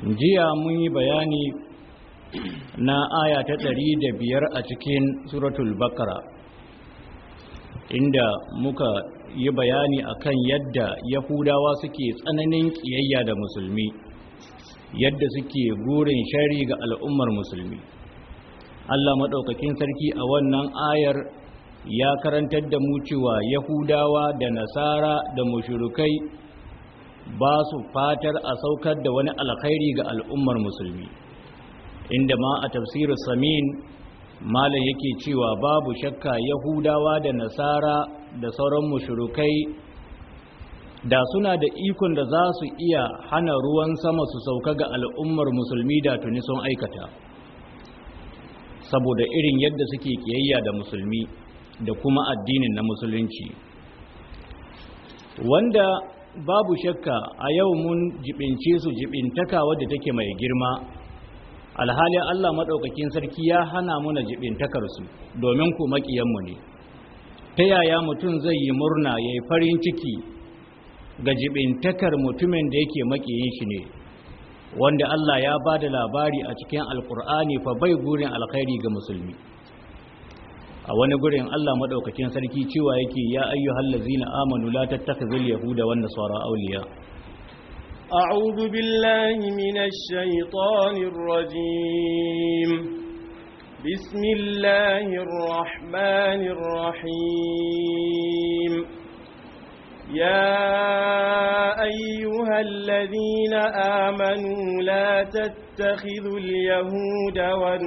jiya mun yi bayani na aya ta ɗari da biyar a cikin suratul bakara inda muka yi bayani akan yadda yahudawa suke tsananin kiyayya da musulmi yadda suke gurin shari ga al'ummar musulmi allah maɗaukakin sarki a wannan ayar ya karantar da mu yahudawa da nasara da mashirukai ba su fatar a saukar da wani alkhairi ga al'ummar musulmi inda ma a tafsirin samin malam yake cewa babu shakka yahudawa da nasara da sauran mushrikai da suna da ikon da za su iya hana ruwan sama su sauka ga al'ummar musulmi da tuni sun aikata saboda irin yadda suke kiyayya da musulmi da kuma addinin na musulunci wanda babu shakka a yau mun jibince su jibintaka wadda take mai girma alhalin Allah maɗaukakin sarki ya hana muna jibintakarsu domin ku maƙiyanmu ne ta yaya mutum zai yi murna ya yi farin ciki ga jibintakar mutumin da yake makiyin shi ne wanda Allah ya ba da labari a cikin alƙur'ani fa bai gurin alkhairi ga musulmi a wani gurin Allah madaukakin sarki cewa yake ya ayyuhal ladzina amanu la tattakhizul yahuda wan nasara awliya a'udhu billahi minash shaitanir rajim bismillahir rahmanir rahim يا أيها الذين آمنوا لا تتخذوا اليهود والنصارى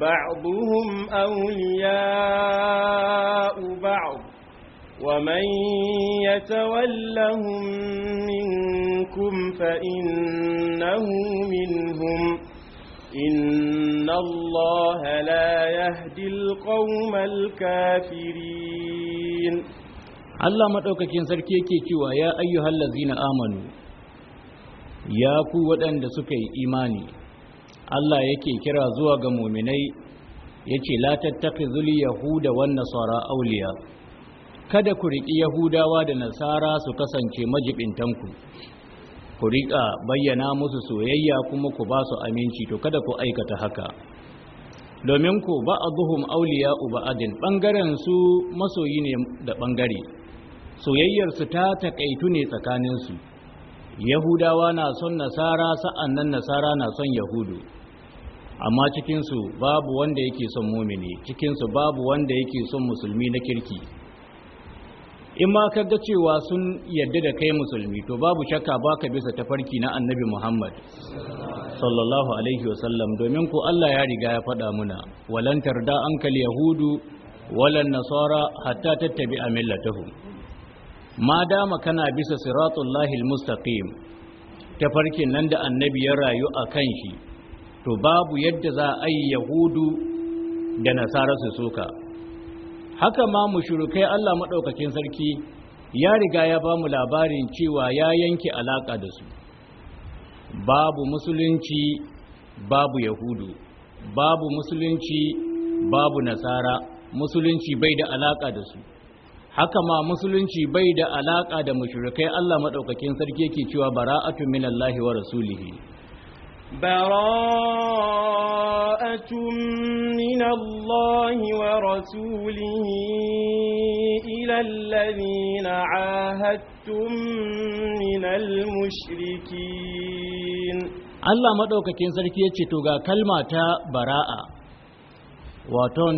بعضهم أولياء بعض ومن يتولهم منكم فإنه منهم إن الله لا يهدي القوم الكافرين Allah maɗaukakin sarki yake cewa ya ayyuhallazina amanu ya ku waɗanda suka yi imani Allah yake kira zuwa ga muminai yace la tattakhizul yahuda wan nasara awliya kada ku riki yahudawa da nasara su kasance majibintanku ku riƙa bayyana musu soyayya kuma ku ba su aminci to kada ku aikata haka domin ku ba a u auliya uba adin, su masoyi ne da ɓangare su ta takaitu ne tsakaninsu yahudawa na son nasara sa'annan nasara na son yahudu amma cikinsu babu wanda yake son mumini cikinsu babu wanda yake son musulmi na kirki in ma ka ga cewa sun yarda da kai musulmi to babu shakka baka bisa tafarki na annabi muhammad sallallahu alaihi wasallam domin ku allah ya riga ya faɗa muna walan tarda ankal yahudu walan nasara hatta tattabi a millatahum ma dama kana bisa siratullahi almustaqim tafarkin nan da annabi ya rayu a kan shi to babu yadda za a yi yahudu da nasara su suka haka ma mushrikai Allah maɗaukakin sarki ya riga ya ba mu labarin cewa ya yanke alaƙa da su babu musulunci babu yahudu babu musulunci babu nasara musulunci bai da alaƙa da su haka ma musulunci bai da alaƙa da mushrikai Allah maɗaukakin sarki yake cewa bara'atu minallahi wa rasulihi براءة من الله ورسوله إلى الذين عاهدتم من المشركين Allah maɗaukakin sarki ya ce to ga kalma ta bara'a waton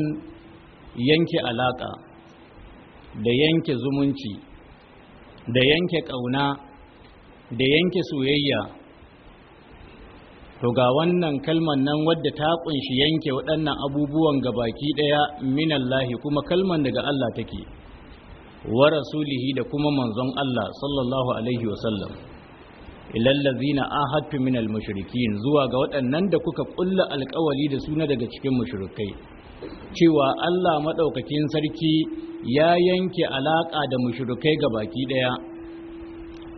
yanke alaƙa da yanke zumunci da yanke ƙauna da yanke soyayya to ga wannan kalman nan wadda ta kunshi yanke waɗannan abubuwan ga baki ɗaya minallahi kuma kalman daga Allah take wa rasulihi da kuma manzon Allah sallallahu alaihi wasallam ilallazina ahadtu minal mushrikin zuwa ga waɗannan da kuka ƙulla alƙawari da suna daga cikin mushrikai cewa Allah madaukakin sarki ya yanke alaka da mushrikai ga baki ɗaya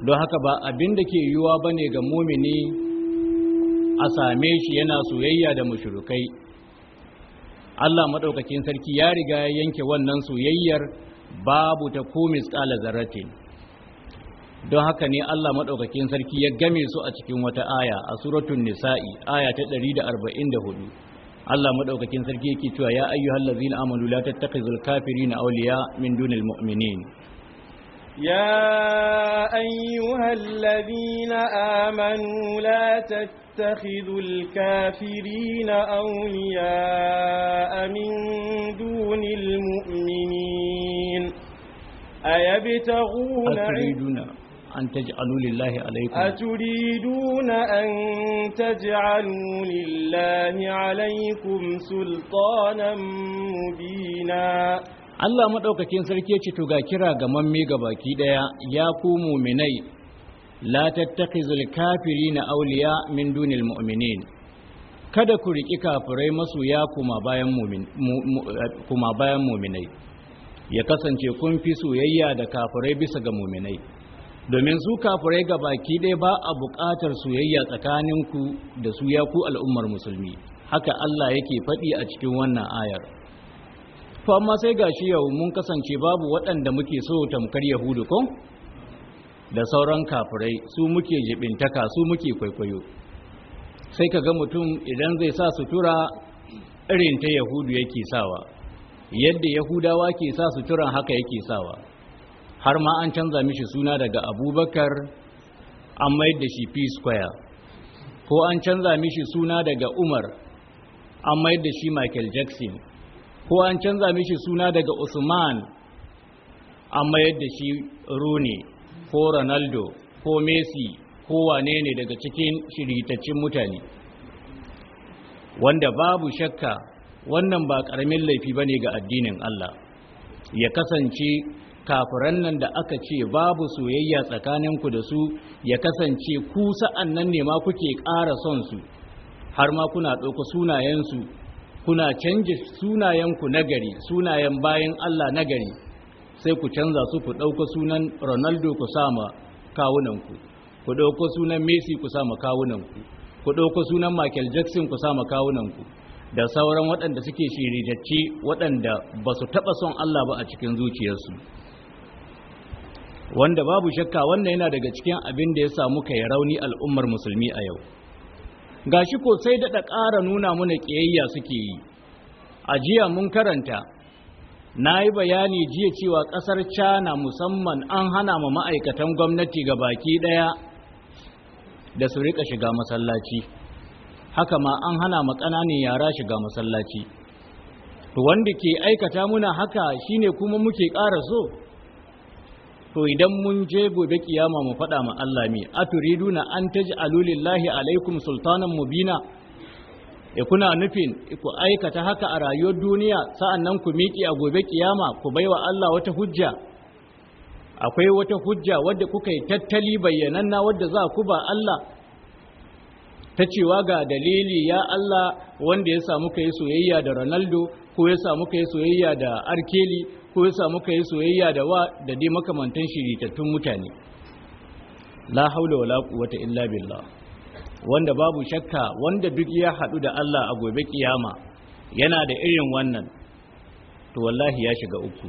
don haka ba abin da ke yiwuwa bane ga mumini a same shi yana soyayya da mushrikai Allah Maɗaukakin sarki ya riga ya yanke wannan soyayyar babu ta komis kala zarratin don haka ne Allah Maɗaukakin sarki ya game su a cikin wata aya a suratun nisa'i aya ta 144 Allah Maɗaukakin sarki yake cewa ya ayyuhallazina amanu la tattakhizul kafirina awliya min dunil mu'minin يا أيها الذين آمنوا لا تتبعوا تتخذوا الكافرين أولياء من دون المؤمنين أيبتغون أتريدون أن تجعلوا لله عليكم أتريدون أن تجعلوا لله عليكم سلطانا مبينا Allah madaukakin sarki ya ce to ga kira ga mamme ga baki daya ya ku muminai la tattakhizul kafirina awliya min dunil mu'minin kada ku riki kafirai masoya kuma bayan mu'minai ya kasance kun fi soyayya da kafirai bisa ga mu'minai domin su kafirai ga baki ɗaya ba a buƙatar soyayya tsakaninku da su ya ku al'ummar musulmi haka Allah yake faɗi a cikin wannan ayar to amma sai gashi yau mun kasance babu waɗanda muke so tamkar yahudu ko da sauran kafirai su muke jibintaka su muke kwaikwayo sai ka ga mutum idan zai sa sutura irin ta yahudu yake sawa yadda yahudawa ke sa suturan haka yake sawa har ma an canza mishi suna daga abubakar an mayar da shi p square ko an canza mishi suna daga umar an mayar da shi michael jackson ko an canza mishi suna daga usman an mayar da shi rooney ko ronaldo ko messi ko wane ne daga cikin shiritaccen mutane wanda babu shakka wannan ba ƙaramin laifi ba ne ga addinin Allah ya kasance kafiran nan da aka ce babu soyayya tsakaninku da su ya kasance ku sa'an nan ne ma kuke ƙara son su har ma kuna ɗauka sunayensu kuna canje sunayenku nagari sunayen bayan Allah nagari sai ku canza su ku ɗauka sunan ronaldo ku sama kawunanku ku ɗauka sunan messi ku sama kawunanku ku ɗauka sunan michael jackson ku sama kawunanku da sauran waɗanda suke shirijacci waɗanda ba su taɓa son allah ba a cikin zuciyarsu wanda babu shakka wannan yana daga cikin abin da ya samu kai rauni al'ummar musulmi a yau gashi ko sai daɗa ƙara nuna muna ƙiyayya suke yi a jiya mun karanta na yi bayani jiya cewa ƙasar china musamman an hana ma ma'aikatan gwamnati ga baki ɗaya da su rika shiga masallaci haka ma an hana ma ƙananan yara shiga masallaci to wanda ke aikata muna haka shine kuma muke ƙara so to idan mun je gobe kiyama mu faɗa ma Allah mi aturiduna an taj'alu lillahi alaikum sultanan mubina e kuna nufin ku aikata haka a rayuwar duniya nan ku miƙi a gobe kiyama ku baiwa Allah wata hujja akwai wata hujja wadda kuka yi tattali bayyananna wadda za ku ba Allah ta cewa ga dalili ya Allah wanda ya samu ka yi soyayya da Ronaldo ko ya samu ka yi soyayya da Arkeli ko ya samu ka yi soyayya da wa da dai makamantan shiritattun mutane la haula wala quwwata illa billah wanda babu shakka wanda duk ya haɗu da Allah a gobe kiyama yana da irin wannan to wallahi ya shiga uku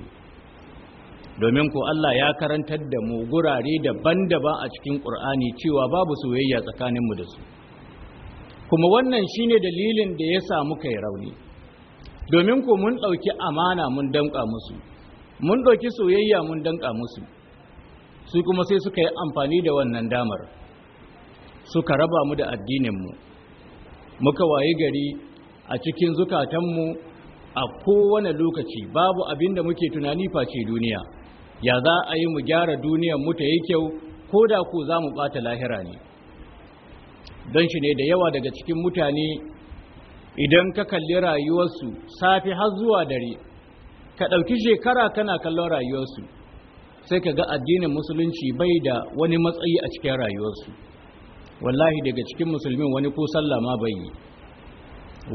domin ko Allah ya karantar da mu gurare daban-daban a cikin Ƙur'ani cewa babu soyayya tsakaninmu da su kuma wannan shine dalilin da ya sa muka yi rauni domin ko mun ɗauki amana mun danƙa musu mun ɗauki soyayya mun danƙa musu su kuma sai suka yi amfani da wannan damar suka raba mu da addininmu muka wayi gari a cikin zukatanmu a kowane lokaci babu abin da muke tunani face duniya ya za a yi mu gyara duniyar mu ta yi kyau ko da ku za mu ɓata lahira ne don shi ne da yawa daga cikin mutane idan ka kalli rayuwarsu safi har zuwa dare ka ɗauki shekara kana kallon rayuwarsu sai ka ga addinin musulunci bai da wani matsayi a cikin rayuwarsu wallahi daga cikin musulmin wani ko sallah ma bai yi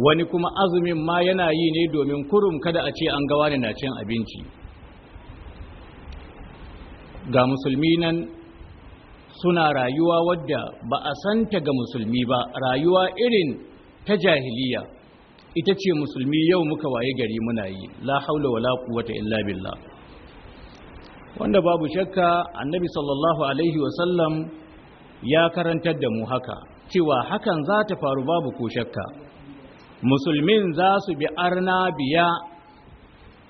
wani kuma azumin ma yana yi ne domin kurum kada a ce an ga wani na cin abinci ga musulmi nan suna rayuwa wadda ba a santa ga musulmi ba rayuwa irin ta jahiliya ita ce musulmi yau muka waye gari muna yi la haula wala quwwata illa billah wanda babu shakka annabi sallallahu alaihi wasallam ya karantar da mu haka cewa hakan za ta faru babu ko shakka musulmin za su bi arna biya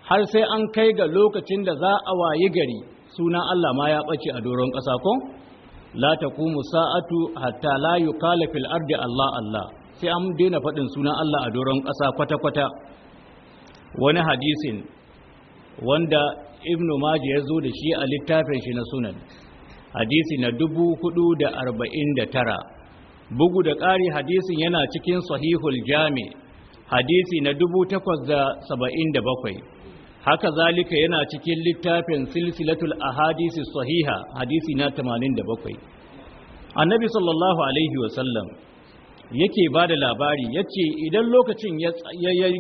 har sai an kai ga lokacin da za a wayi gari suna Allah ma ya ɓace a doron ƙasa ko la taqumu sa'atu hatta la yuqala fil ardi Allah Allah sai an daina faɗin sunan Allah a doron ƙasa kwata kwata wani hadisin wanda ibnu maji ya zo da shi a littafin shi na sunan hadisi na dubu hudu da da tara. bugu da ƙari hadisin yana cikin sahihul jami hadisi na dubu takwas da da bakwai. haka zalika yana cikin littafin silsilatul ahadisi sahiha hadisi na tamanin da bakwai. annabi sallallahu alaihi wasallam yake ba da labari ya ce idan lokacin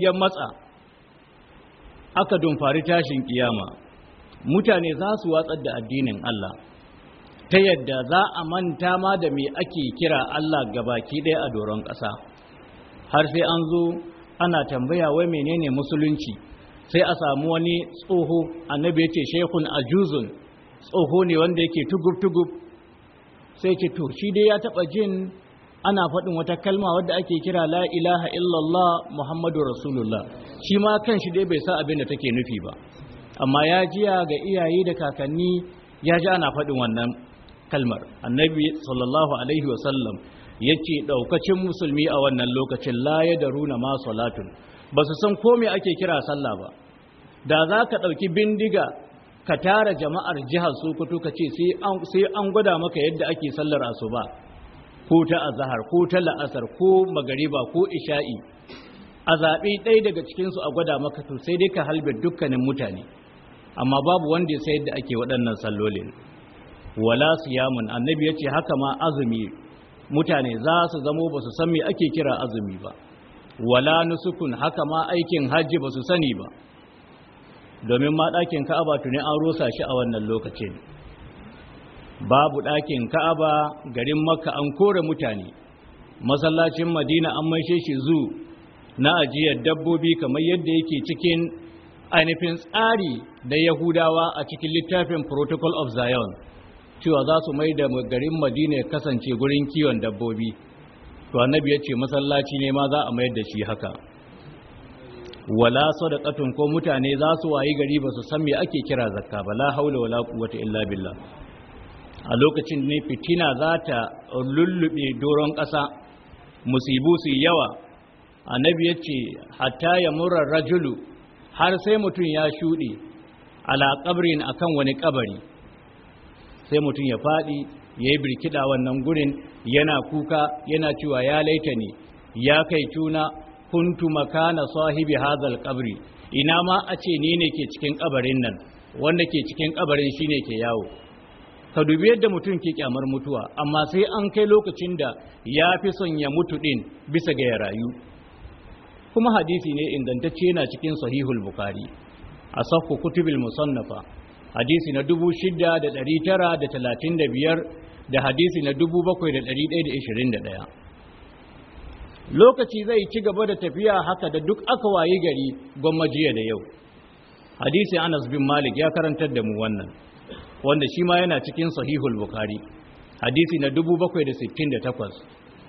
ya matsa aka dumfari tashin kiyama mutane za su watsar da addinin Allah ta yadda za a manta ma da me ake kira Allah ga baki ɗaya a doron ƙasa har sai an zo ana tambaya wai menene musulunci sai a samu wani tsoho annabi ya ce shekun ajuzun tsoho ne wanda yake tugub-tugub sai ce to shi dai ya taɓa jin ana faɗin wata kalma wadda ake kira la ilaha illallah muhammadu rasulullah shi ma kan shi dai bai sa abin da take nufi ba amma ya jiya ga iyaye da kakanni ya ji ana faɗin wannan kalmar annabi sallallahu alaihi wasallam ya ce ɗaukacin musulmi a wannan lokacin laye da runa ma salatun ba su san kome ake kira sallah ba da za ka ɗauki bindiga ka tara jama'ar jihar sokoto ka ce sai an gwada maka yadda ake sallar asuba ko ta azahar ko ta la'asar ko magariba ko isha'i a zaɓi ɗaya daga cikinsu a gwada maka to sai dai ka halbe dukkanin mutane amma babu wanda ya sayar da ake waɗannan sallolin wala siyamun annabi yace haka ma azumi mutane za su zamo ba su san me ake kira azumi ba wala nusukun haka ma aikin hajji ba su sani ba domin ma ɗakin ka'aba tuni an rusa shi a wannan lokacin babu ɗakin ka'aba garin makka an kore mutane masallacin madina an maishe shi zu na ajiyar dabbobi kamar yadda yake cikin ainihin tsari da yahudawa a cikin littafin protocol of zion cewa za su mai da garin madina ya kasance gurin kiwon dabbobi to annabi ya ce masallaci ne ma za a mayar da shi haka wala sadaqatun ko mutane za su wayi gari ba su san me ake kira zakka ba la haula wala quwwata illa billah a lokacin ne fitina za ta lullube doron ƙasa musibu su yawa annabi ya ce hatta ya mura rajulu har sai mutum ya shuɗe ala qabrin akan wani ƙabari sai mutum ya faɗi ya yi birkiɗa wannan gurin yana kuka yana cewa ya laita ne ya kai tuna kuntu makana sahibi hazal kabri ina ma a ce ni ne ke cikin kabarin nan wanda ke cikin kabarin shine ke yawo ka dubi yadda mutum ke kyamar mutuwa amma sai an kai lokacin da ya fi son ya mutu din bisa ga ya rayu kuma hadisi ne ingantacce yana cikin sahihul bukhari asahhu kutubil musannafa hadisi na 6935 da hadisi na 7121 lokaci zai ci gaba da tafiya haka da duk aka wayi gari jiya da yau hadisi anas bin malik ya karantar da mu wannan wanda shi ma yana cikin sahihul bukari hadisi na takwas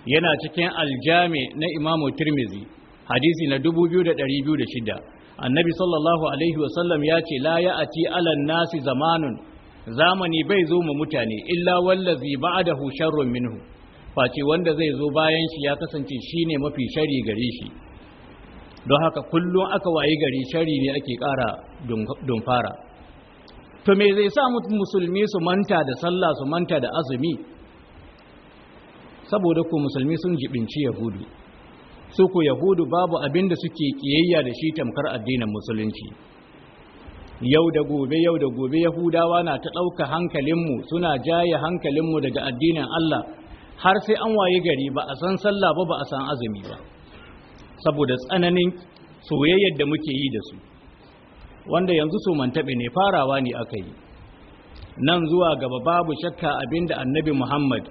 yana cikin aljami na imamu tirmizi hadisi na 2206 annabi sallallahu alaihi wasallam ya ce la ya ati alan nasi zamanun zamani bai zo mu mutane illa wallazi ba'dahu sharrun minhu face wanda zai zo bayan shi ya kasance shine mafi shari gare shi don haka kullum aka wayi gari shari ne ake ƙara dumfara to me zai sa musulmi su manta da sallah su manta da azumi saboda ku musulmi sun jibinci yahudu Suku yahudu babu abin da suke kiyayya da shi tamkar addinin musulunci yau da gobe yau da gobe yahudawa na ta ɗauka hankalinmu suna jaye hankalinmu daga addinin Allah har sai an waye gari ba a san sallah ba ba a san azumi ba saboda tsananin soyayyar da muke yi da su wanda yanzu su mantaɓe ne farawa ne aka yi nan zuwa gaba babu shakka abinda annabi muhammad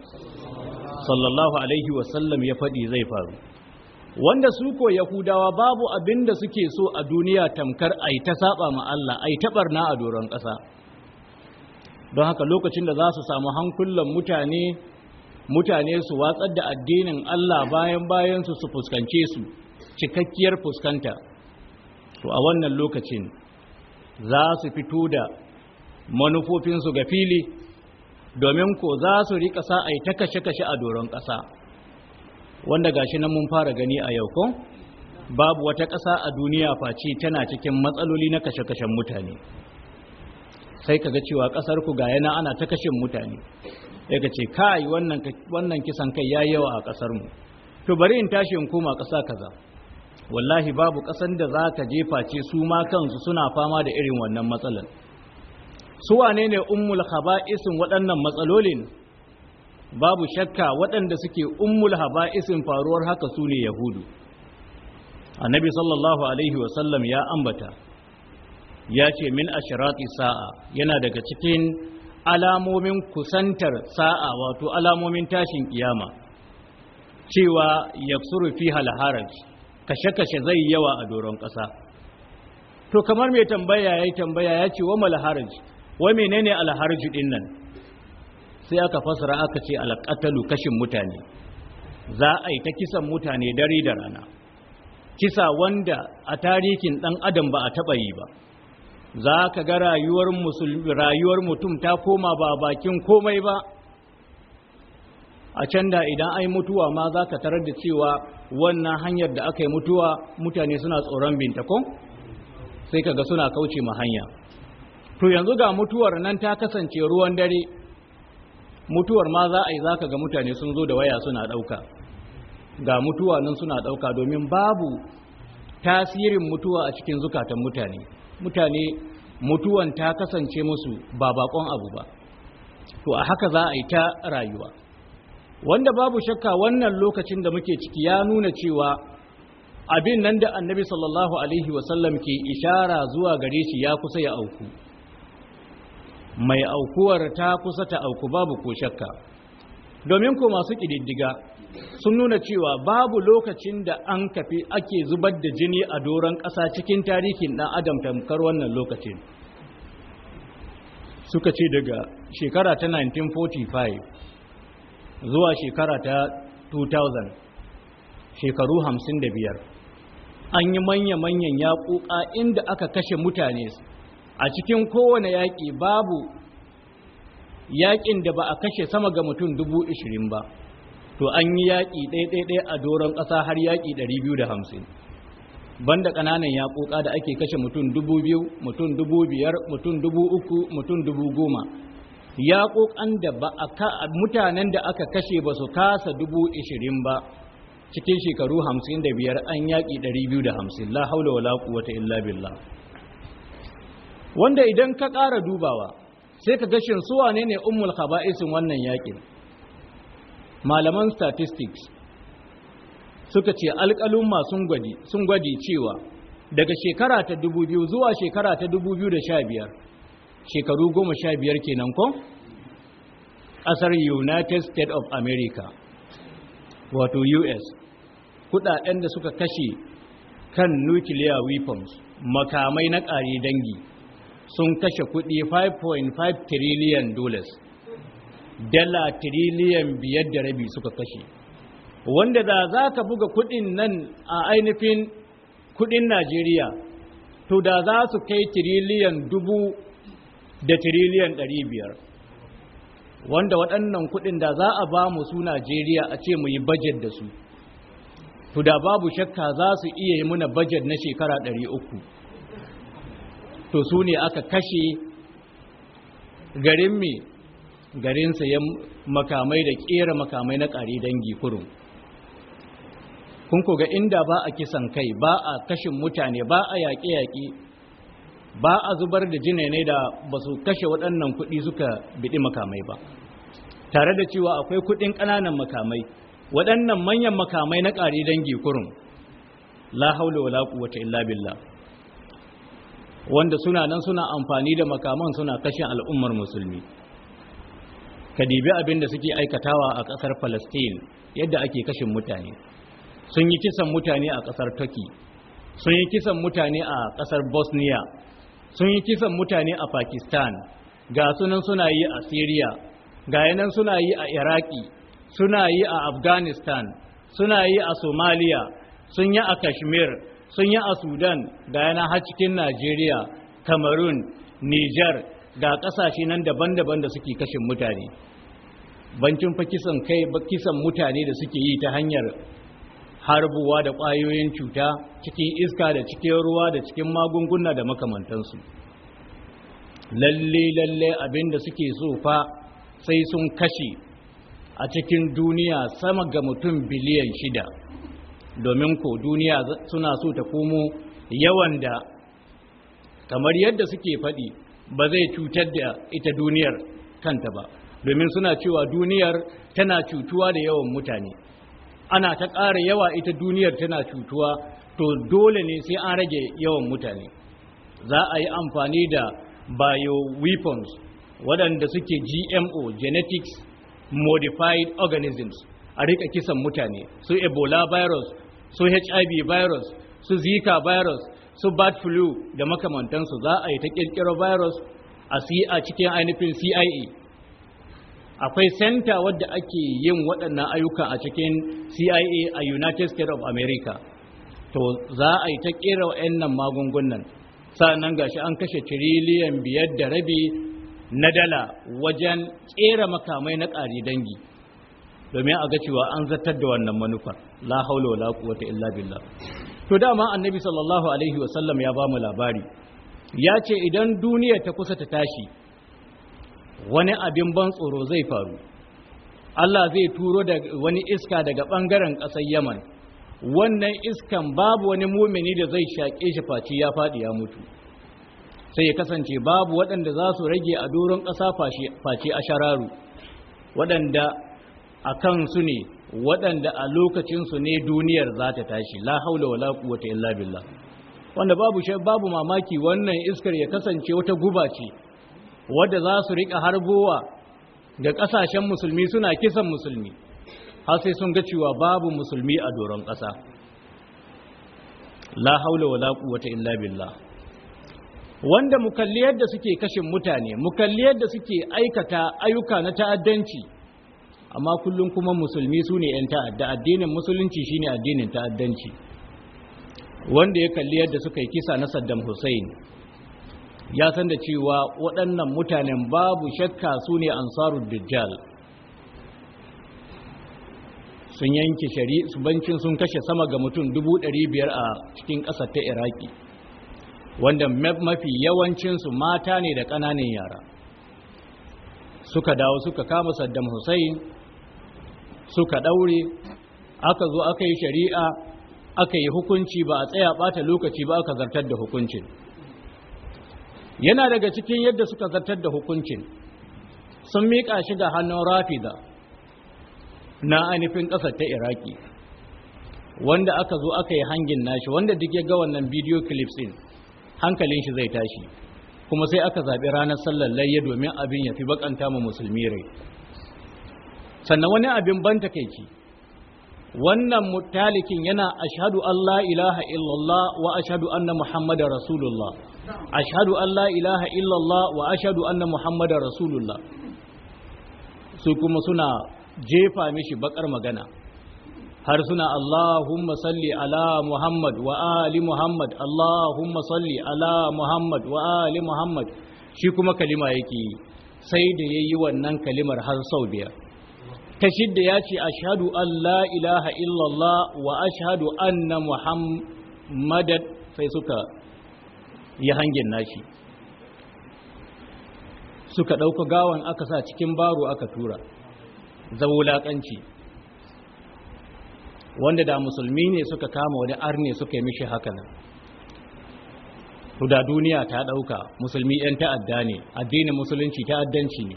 sallallahu alaihi wasallam ya faɗi zai faru wanda su ko yahudawa babu abin da suke so a duniya tamkar a ta saba ma Allah a ta barna a doron ƙasa don haka lokacin da za su samu hankulan mutane mutane su watsar da addinin Allah bayan bayan su su fuskance su cikakkiyar fuskanta to a wannan lokacin za su fito da manufofinsu ga fili domin ko za su riƙa ai ta kashe-kashe a doron ƙasa wanda ga shi nan mun fara gani a yau ko babu wata ƙasa a duniya face tana cikin matsaloli na kashe-kashen mutane sai ka ga cewa ƙasar ku ga yana ana ta kashe mutane sai ka ce kai wannan wannan kisan kai yayi yawa a ƙasar mu to bari in tashi in koma ƙasa kaza wallahi babu ƙasan da za ka je ce su ma kansu suna fama da irin wannan matsalar su wane ne ummul khaba'isin waɗannan matsalolin babu shakka waɗanda suke ummul haba'isin faruwar haka su ne yahudu annabi sallallahu alaihi wasallam ya ambata ya ce min ashirati sa'a yana daga cikin alamomin kusantar sa'a wato alamomin tashin kiyama cewa ya fi halharaj kashe-kashe zai yawa a doron ƙasa to kamar mai tambaya ya tambaya ya ce wa malaharar wa menene alharju din nan sai aka fasara aka ce alƙatalu kashin mutane za a yi ta kisan mutane dare da rana kisa wanda a tarihin ɗan adam ba a taɓa yi ba za ka ga rayuwar mutum ta koma ba bakin komai ba a can da idan ai mutuwa ma za ka tarar da cewa wannan hanyar da aka yi mutuwa mutane suna tsoron bintakon sai ka ga suna kauce ma hanya to yanzu ga mutuwar nan ta kasance ruwan dare mutuwar ma za a yi zaka ga mutane sun zo da waya suna ɗauka ga mutuwa nan suna ɗauka domin babu tasirin mutuwa a cikin zukatan mutane mutane mutuwan ta kasance musu ba bakon abu ba to a haka za a yi ta rayuwa wanda babu shakka wannan lokacin da muke ciki ya nuna cewa abin nan da annabi sallallahu alaihi wasallam ke ishara zuwa gare shi ya kusa ya auku mai aukuwar ta kusa ta auku babu ko shakka domin ko masu ƙididdiga sun nuna cewa babu lokacin da an kafi ake zubar da jini a doron ƙasa cikin tarihin ɗan adam tamkar wannan lokacin suka ce daga shekara ta 1945 zuwa shekara ta 2000 shekaru 55 an yi manya-manyan yaƙuƙa inda aka kashe mutane a cikin kowane yaƙi babu yaƙin da ba a kashe sama ga mutum dubu ishirin ba to an yi yaƙi ɗaiɗaiɗai a doron ƙasa har yaƙi ɗari biyu da hamsin banda ƙananan yaƙoƙa da ake kashe mutum dubu biyu mutum dubu biyar mutum dubu uku mutum dubu goma yaƙoƙan da ba a mutanen da aka kashe ba su kasa dubu ishirin ba cikin shekaru hamsin da biyar an yaƙi ɗari biyu da hamsin la haula wa la quwwata illa billah wanda idan ka ƙara dubawa sai ka gashin su wanene ne umul khaba'isin wannan yakin malaman statistics suka ce alƙalumma sun gwadi cewa daga shekara ta 2000 zuwa shekara ta 2015 shekaru 15 kenan ko asar United States of America wato US kudaden da suka kashe kan nuclear weapons makamai na ƙari dangi sun kashe kudi 5.5 trillion dollars dala trillion biyar da rabi suka kashe wanda da za ka buga kudin nan a ainihin kudin najeriya to da za su kai tiriliyan dubu da tiriliyan ɗari biyar wanda waɗannan kudin da za a ba mu su najeriya a ce mu yi bajet da su to da babu shakka za su iya yi muna bajet na shekara ɗari uku to su ne aka kashe garin mai garin ya makamai da kera makamai na ƙari dangi kurum kun ga inda ba a kisan kai ba a kashin mutane ba a yaƙe-yaƙe ba a zubar da jinai da ba su kashe waɗannan kuɗi suka biɗi makamai ba tare da cewa akwai kuɗin ƙananan makamai waɗannan manyan makamai na ƙari dangi kurum la haula wala quwwata illa billah wanda suna nan suna amfani da makaman suna kashe al'ummar musulmi ka dibi abin da suke aikatawa a ƙasar palestine yadda ake kashin mutane sun yi kisan mutane a ƙasar turkey sun yi kisan mutane a ƙasar bosnia sun yi kisan mutane a pakistan ga sunan suna yi a syria ga yanan suna yi a iraki suna yi a afghanistan suna yi a somalia sun yi a kashmir sun yi a sudan da yana har cikin najeriya cameroon niger da kasashe nan daban-daban da suke kashin mutane bankin fakisan kai kisan mutane da suke yi ta hanyar harbuwa da ƙwayoyin cuta cikin iska da cikin ruwa da cikin magunguna da makamantansu lalle lalle abin da suke so fa sai sun kashe a cikin duniya sama ga mutum biliyan shida domin ko duniya suna so ta komo yawan da kamar yadda suke faɗi ba zai cutar da ita duniyar kanta ba domin suna cewa duniyar tana cutuwa da yawan mutane ana ta ƙara yawa ita duniyar tana cutuwa to dole ne sai an rage yawan mutane za a yi amfani da bioweapons waɗanda suke gmo genetics modified organisms a rika kisan mutane su ebola virus su hiv virus su zika virus su bad flu da makamantansu za a yi ta kirkiro virus a cikin ainihin cia e. akwai senta wadda ake yin waɗannan ayyuka a cikin cia e a united states of america to za a yi ta kera wa'annan magungunan sa'annan gashi an kashe tiriliyan biyar da rabi na dala wajen kera makamai na ƙari dangi domin a ga cewa an zartar da wannan manufar la haula wala quwwata illa billah to dama annabi sallallahu alaihi wa sallam ya bamu labari ya ce idan duniya ta kusa ta tashi wani abin ban tsoro zai faru Allah zai turo da wani iska daga bangaren ƙasar Yaman wannan iskan babu wani mumini da zai shaƙe shi face ya faɗi ya mutu sai ya kasance babu waɗanda za su rage a doron ƙasa face a shararu waɗanda a su ne waɗanda a lokacinsu ne duniyar za ta tashi la haula wa wala quwwata illa billah wanda babu babu mamaki wannan iskar ya kasance wata guba ce wadda za su riƙa harbowa ga ƙasashen musulmi suna kisan musulmi har sai sun ga cewa babu musulmi a doron ƙasa la haula wa wala quwwata illa billah wanda mu kalli yadda suke kashin mutane mu kalli suke aikata ayyuka na ta'addanci amma kullum kuma musulmi su ne 'yan ta'adda addinin musulunci shine addinin ta'addanci wanda ya kalli yadda suka yi kisa na saddam hussein ya san da cewa waɗannan mutanen babu shakka su ne ansarud dajjal sun yanke su bancin sun kashe sama ga mutum dubu ɗari biyar a cikin ƙasar ta iraki wanda mafi yawancinsu mata ne da ƙananan yara suka dawo suka kama saddam hussein suka daure aka zo aka yi shari'a aka yi hukunci ba a tsaya bata lokaci ba aka zartar da hukuncin yana daga cikin yadda suka zartar da hukuncin sun miƙa shi ga hannun rafida na ainihin ƙasar ta iraki wanda aka zo aka yi hangin nashi wanda duk ya ga wannan bidiyo clips din hankalin shi zai tashi kuma sai aka zaɓi ranar sallar layya domin abin ya fi bakanta ma musulmi rai sannan wani abin ban takaici wannan mutalikin yana ashadu Allah ilaha illallah wa ashhadu anna muhammadar rasulullah ashadu Allah ilaha illallah wa ashadu anna muhammadar rasulullah su kuma suna jefa mishi bakar magana har suna Allahumma salli ala Muhammad wa ali Muhammad Allahumma salli ala Muhammad wa ali Muhammad shi kuma kalima yake sai da yayi wannan kalimar har sau biyar ta shidda ya ce ashadu an la ilaha illallah wa ashadu na muhammadat sai suka yi hangen nashi suka ɗauka gawan aka sa cikin baro aka tura zawulaƙanci wanda da musulmi ne suka kama wani arne suka yi mishi haka nan da duniya ta ɗauka musulmi 'yan ta'adda ne addinin musulunci ta'addanci ne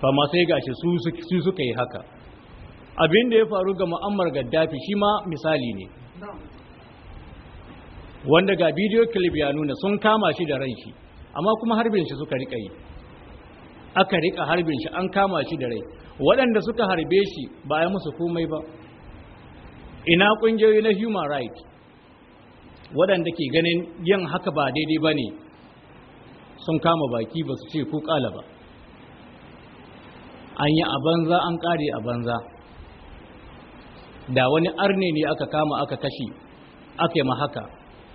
fama sai gashi su suka yi haka abin da ya faru ga mu'ammar gaddafi shi ma misali ne wanda ga bidiyo clip ya nuna sun kama shi da ranshi amma kuma harbin shi suka rika yi aka rika harbin shi an kama shi da rai waɗanda suka harbe shi ba ya musu komai ba ina ƙungiyoyi na human rights waɗanda ke ganin yin haka ba daidai ba ne sun kama baki ba su ce ko ƙala ba an yi a banza an ƙare a banza da wani arne ne aka kama aka kashi aka yi haka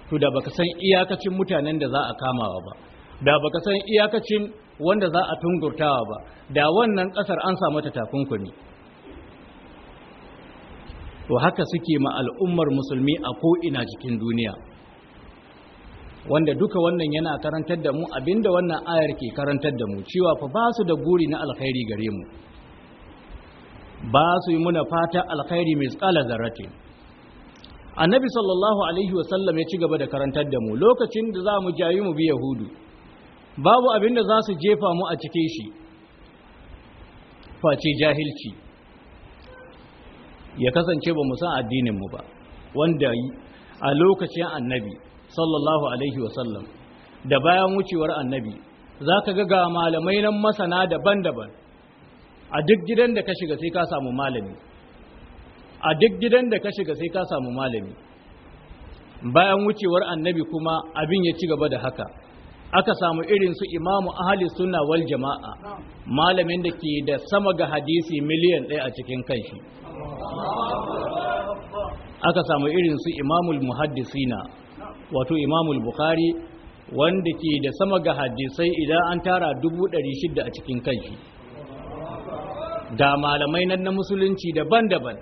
to da baka san iyakacin mutanen da za a kamawa ba da baka san iyakacin wanda za a tungurtawa ba da wannan kasar an samu ta takunkumi to haka suke ma al'ummar musulmi a ko'ina cikin duniya wanda duka wannan yana karantar da mu abinda wannan ayar ke karantar da mu cewa fa ba su da guri na alkhairi gare mu ba su yi muna fata alkhairi mai tsala zarrati annabi sallallahu alaihi sallam ya ci gaba da karantar da mu lokacin da za mu jayi mu bi yahudu babu abinda za su jefa mu a cikin shi face jahilci ya kasance ba mu san addinin mu ba wanda a lokacin annabi sallallahu alaihi wasallam da bayan wucewar annabi za ka ga malamai nan masana daban-daban a duk gidan da ka shiga sai ka samu malami a duk gidan da ka shiga sai ka samu malami bayan wucewar annabi kuma abin ya ci gaba da haka aka samu irin su imamu ahli sunna wal jama'a malamin da ke da sama ga hadisi miliyan ɗaya a cikin kanshi aka samu irin su imamul muhaddisina wato imamul bukhari wanda ke da sama ga hadisai idan an tara dubu ɗari shida a cikin kanshi da malamai nan na musulunci daban-daban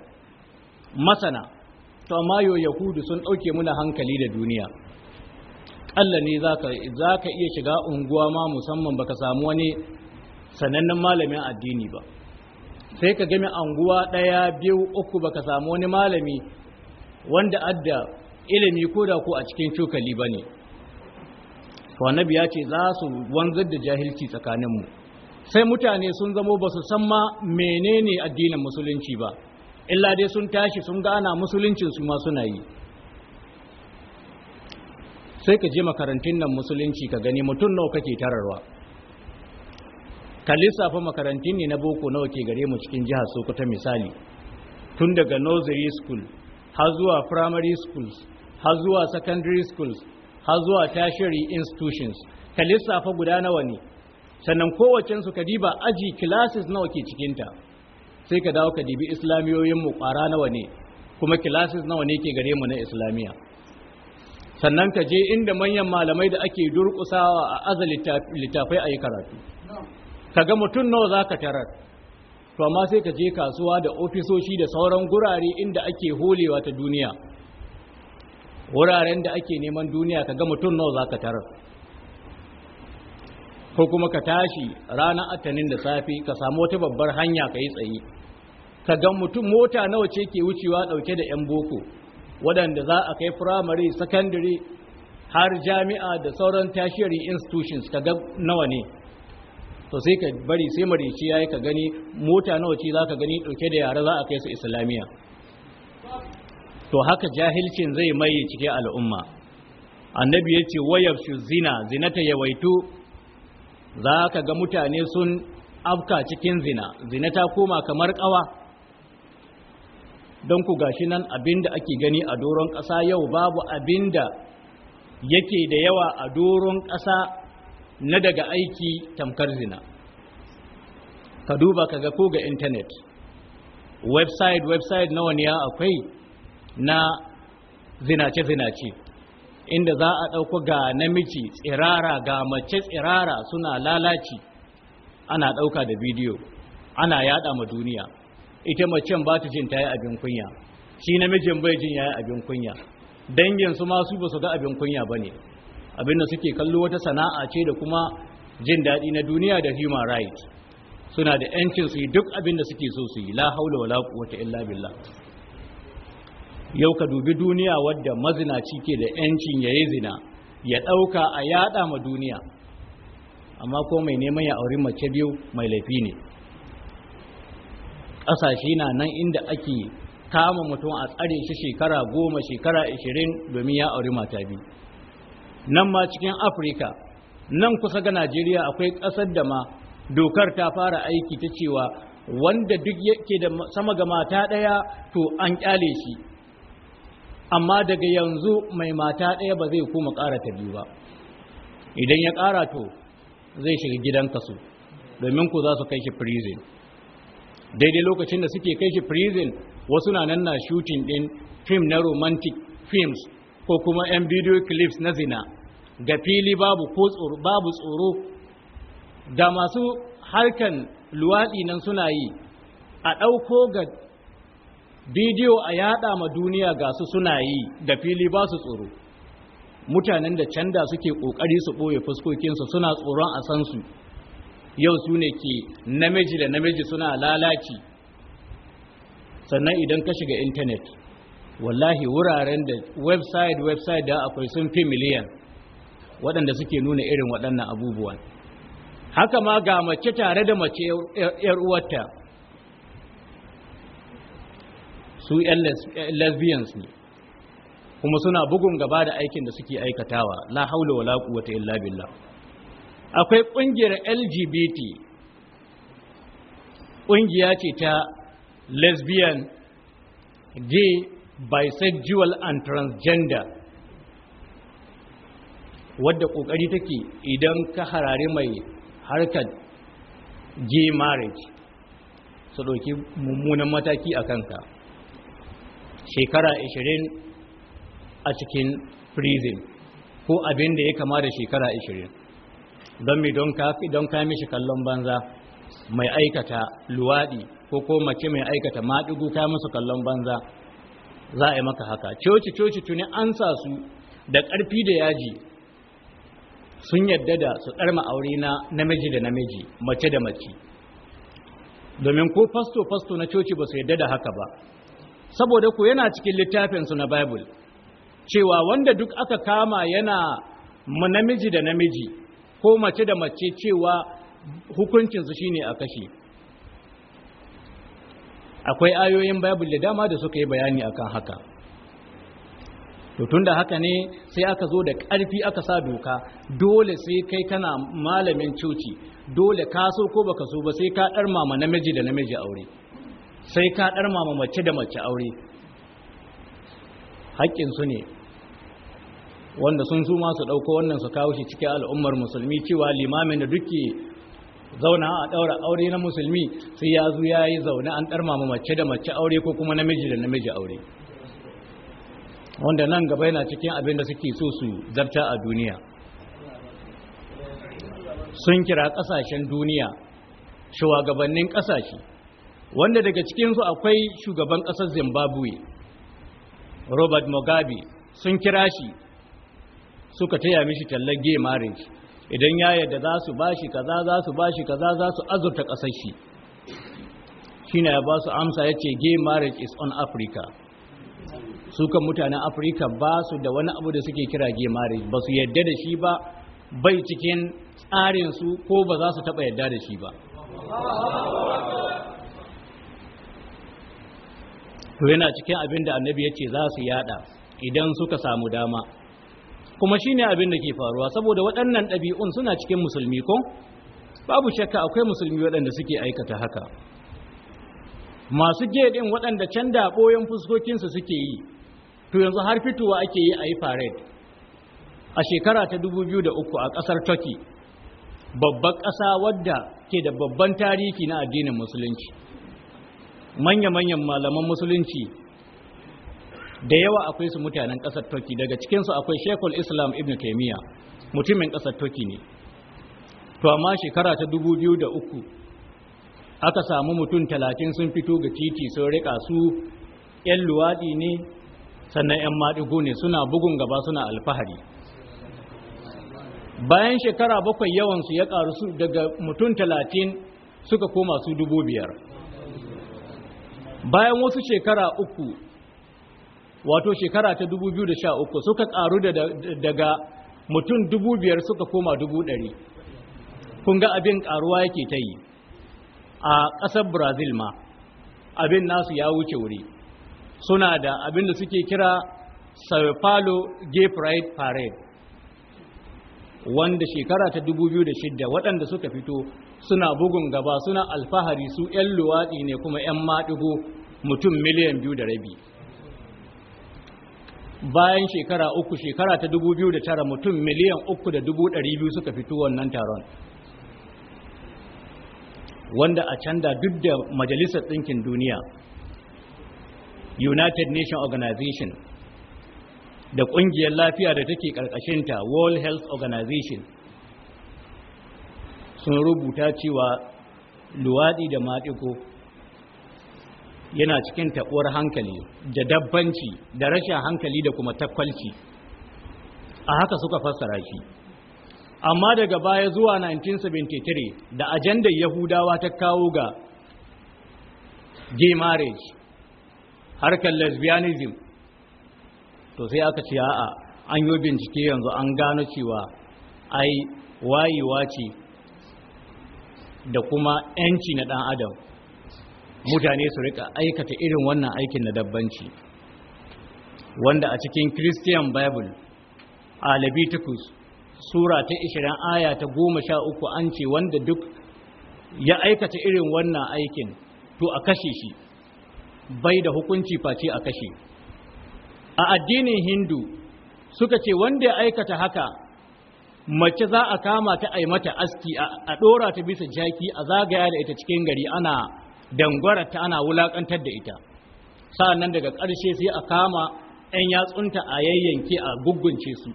masana to amma yo yahudu sun ɗauke muna hankali da duniya Allah ne zaka ka iya shiga unguwa ma musamman baka samu wani sanannen malamin addini ba sai ka gami anguwa ɗaya biyu uku baka samu wani malami wanda adda ilimi ko da ko a cikin cokali ba ne to annabi ya ce za su wanzar da jahilci tsakaninmu sai mutane sun zamo ba su san ma menene addinin musulunci ba illa dai sun tashi sun gana musuluncin su ma suna yi sai ka je makarantun nan musulunci ka gani mutum nawa kake tararwa ka lissafa makarantun ne na boko nawa ke gare mu cikin jihar sokoto misali tun daga nursery school har zuwa primary schools har zuwa secondary schools har zuwa tertiary institutions ka lissafa guda nawa ne sannan su ka diba aji classes nawa ke cikinta sai ka dawo ka dibi mu ƙwara nawa ne kuma classes nawa ne ke gare mu na islamiya sannan ka je inda manyan malamai da ake durƙusawa a aza littafai a yi karatu ka ga mutum nawa za ka tarar to amma sai ka je kasuwa da ofisoshi da sauran gurare inda ake holewa ta duniya wuraren da ake neman duniya ka ga mutum nawa za ka tarar ko kuma ka tashi ranar atanin da safi ka samu wata babbar hanya ka yi tsaye ka ga mutum mota nawa ce ke wucewa ɗauke da 'yan boko waɗanda za a kai firamare sakandare har jami'a da sauran tashiyar institutions ka ga nawa ne to sai ka bari sai marici yi ka gani mota nawa ce za ka gani ɗauke da yara za a kai su islamiyya to haka jahilcin zai maye cike al'umma annabi ya ce wayar su zina zina ta yawaitu za ka ga mutane sun afka cikin zina zina ta koma kamar ƙawa don ku gashi nan abinda ake gani a doron ƙasa yau babu abinda yake da yawa a doron ƙasa na daga aiki tamkar zina ka duba ka ga ko ga intanet website website nawa ne akwai na zinace-zinace inda za a ɗauko ga namiji tsirara ga mace tsirara suna lalaci ana ɗauka da bidiyo ana yada ma duniya ita macen ba ta jin ta yi abin kunya shi namijin bai jin ya yi abin kunya dangin su masu ba su ga abin kunya ba ne abinda suke kallo wata sana'a ce da kuma jin daɗi na duniya da human rights suna da 'yancin su duk abin da suke so su yi la haula wala quwwata illa billah yau ka dubi duniya wadda mazinaci ke da yancin ya yi zina ya ɗauka a yaɗa ma duniya amma ko mai neman ya auri mace biyu mai laifi ne ƙasashe na nan inda ake kama mutum a tsare shi shekara goma shekara ashirin domin ya auri mata biyu nan ma cikin afirka nan kusa ga najeriya akwai ƙasar da ma dokar ta fara aiki ta cewa wanda duk yake da sama ga mata ɗaya to an ƙyale shi amma daga yanzu mai mata ɗaya ba zai kuma ƙara ta biyu ba idan ya ƙara to zai shiga gidan kasu domin ku za su kai shi prison daidai lokacin da suke kai shi prison wasu na nan na shooting ɗin fim na romantic films ko kuma 'yan video clips na zina ga fili babu tsoro da masu harkan luwaɗi nan suna yi a ɗauko ga bidiyo a yada ma duniya ga su suna yi da fili ba su tsoro mutanen da canda suke kokari su boye fuskokinsu suna tsoron a san su yau su ne ke namiji da namiji suna lalaci sannan idan ka shiga intanet wallahi wuraren da website website da akwai sun fi miliyan waɗanda suke nuna irin waɗannan abubuwan haka ma ga mace tare da mace 'yar uwarta su yan lesbians ne kuma suna bugun gaba da aikin da suke aikatawa la haula wala quwwata illa billah akwai kungiyar LGBT kungiya ce ta lesbian gay bisexual and transgender wadda kokari take idan ka harare mai harkar gay marriage su ɗauki mummunan mataki a kanka shekara 20 a cikin prison ko abin da ya kama da shekara 20 don mi don kami shi kallon banza mai aikata luwaɗi ko ko mace mai aikata maɗigo ka musu kallon banza za a yi maka haka coci coci tuni an sa su da ƙarfi da yaji sun yadda da su ɗarma aure na namiji da namiji mace da mace domin ko fasto fasto na coci ba su yadda da haka ba saboda ku yana cikin littafinsu na bible cewa wanda duk aka kama yana namiji da namiji ko mace da mace cewa hukuncinsu shine a kashe akwai ayoyin bible da dama da suka yi bayani akan haka to tunda haka ne sai aka zo da ƙarfi aka sa doka dole sai kai kana malamin coci dole ka so ko baka so ba sai ka ɗarmama namiji da namiji aure sai ka ɗarmama mace da mace aure haƙƙinsu ne wanda sun su masu ɗauko wannan su kawo shi cikin al'ummar musulmi cewa limamin da duke zauna a ɗaura aure na musulmi sai ya zo ya yi zaune an ɗarmama mace da mace aure ko kuma namiji da namiji aure wanda nan gaba yana cikin abin da suke so su zarta a duniya sun kira ƙasashen duniya shugabannin ƙasashe wanda daga cikinsu akwai shugaban ƙasar zimbabwe robert mugabe sun kira shi suka taya mishi tallar gay marriage idan ya yadda za su ba shi kaza za su ba kaza za su azurta ƙasar shi shine ya ba su amsa ya ce gay marriage is on africa sukan mutanen afirka ba su da wani abu da suke kira gay marriage ba su yadda da shi ba bai cikin tsarinsu ko ba za su taɓa yadda da shi ba to yana cikin abin da annabi ya ce za su yada idan suka samu dama kuma shine abin da ke faruwa saboda waɗannan ɗabi'un suna cikin musulmi ko babu shakka akwai musulmi waɗanda suke aikata haka masu gedin waɗanda can da ɓoyon fuskokinsu suke yi to yanzu har fitowa ake yi a yi parade a shekara ta 2003 a ƙasar turkey babbar ƙasa wadda ke da babban tarihi na addinin musulunci manya-manyan malaman musulunci da yawa akwai su mutanen ƙasar turki daga cikinsu akwai shekul islam ibn taimiyya mutumin ƙasar turki ne to amma shekara ta dubu biyu da uku aka samu mutum talatin sun fito ga titi sun rika su 'yan luwaɗi ne sannan 'yan maɗigo ne suna bugun gaba suna alfahari bayan shekara bakwai yawansu ya ƙaru daga mutum talatin suka koma su dubu biyar bayan wasu shekara uku wato shekara ta 2013 suka karu daga mutum 5,000 suka koma 100,000 kun ga abin karuwa yake ta yi a ƙasar brazil ma abin nasu ya wuce wuri suna da abin da suke kira sao paulo gay pride parade wanda shekara ta 2006 waɗanda suka fito suna bugun gaba suna alfahari su 'yan luwaɗi ne kuma 'yan maɗigo mutum miliyan biyu da rabi bayan shekara uku shekara ta dubu biyu da tara mutum miliyan uku da dubu ɗari biyu suka fito wannan taron wanda a canza duk da majalisar ɗinkin duniya united nations organization da ƙungiyar lafiya da take ƙarƙashinta world health organization sun rubuta cewa luwaɗi da maɗiko yana cikin taɓuwar hankali da dabbanci da rashin hankali da kuma takwalci a haka suka fassara shi amma daga baya zuwa 1973 da ajandar yahudawa ta kawo ga gay marriage harkar lesbianism to sai aka ce a'a an yi bincike yanzu an gano cewa ai wayewa ce da kuma 'yanci na ɗan adam mutane su rika aikata irin wannan aikin na dabbanci wanda a cikin christian bible a leviticus sura ta 20 aya ta goma 13 an ce wanda duk ya aikata irin wannan aikin to a kashe shi bai da hukunci face a kashe a addinin hindu suka ce wanda ya aikata haka mace za a kama ta ai mata aski a ɗora ta bisa jaki a zagaya da ita cikin gari ana dangwara ta ana wulakantar da ita sa'annan daga ƙarshe sai a kama 'yan yatsunta a yayyanke a guggunce su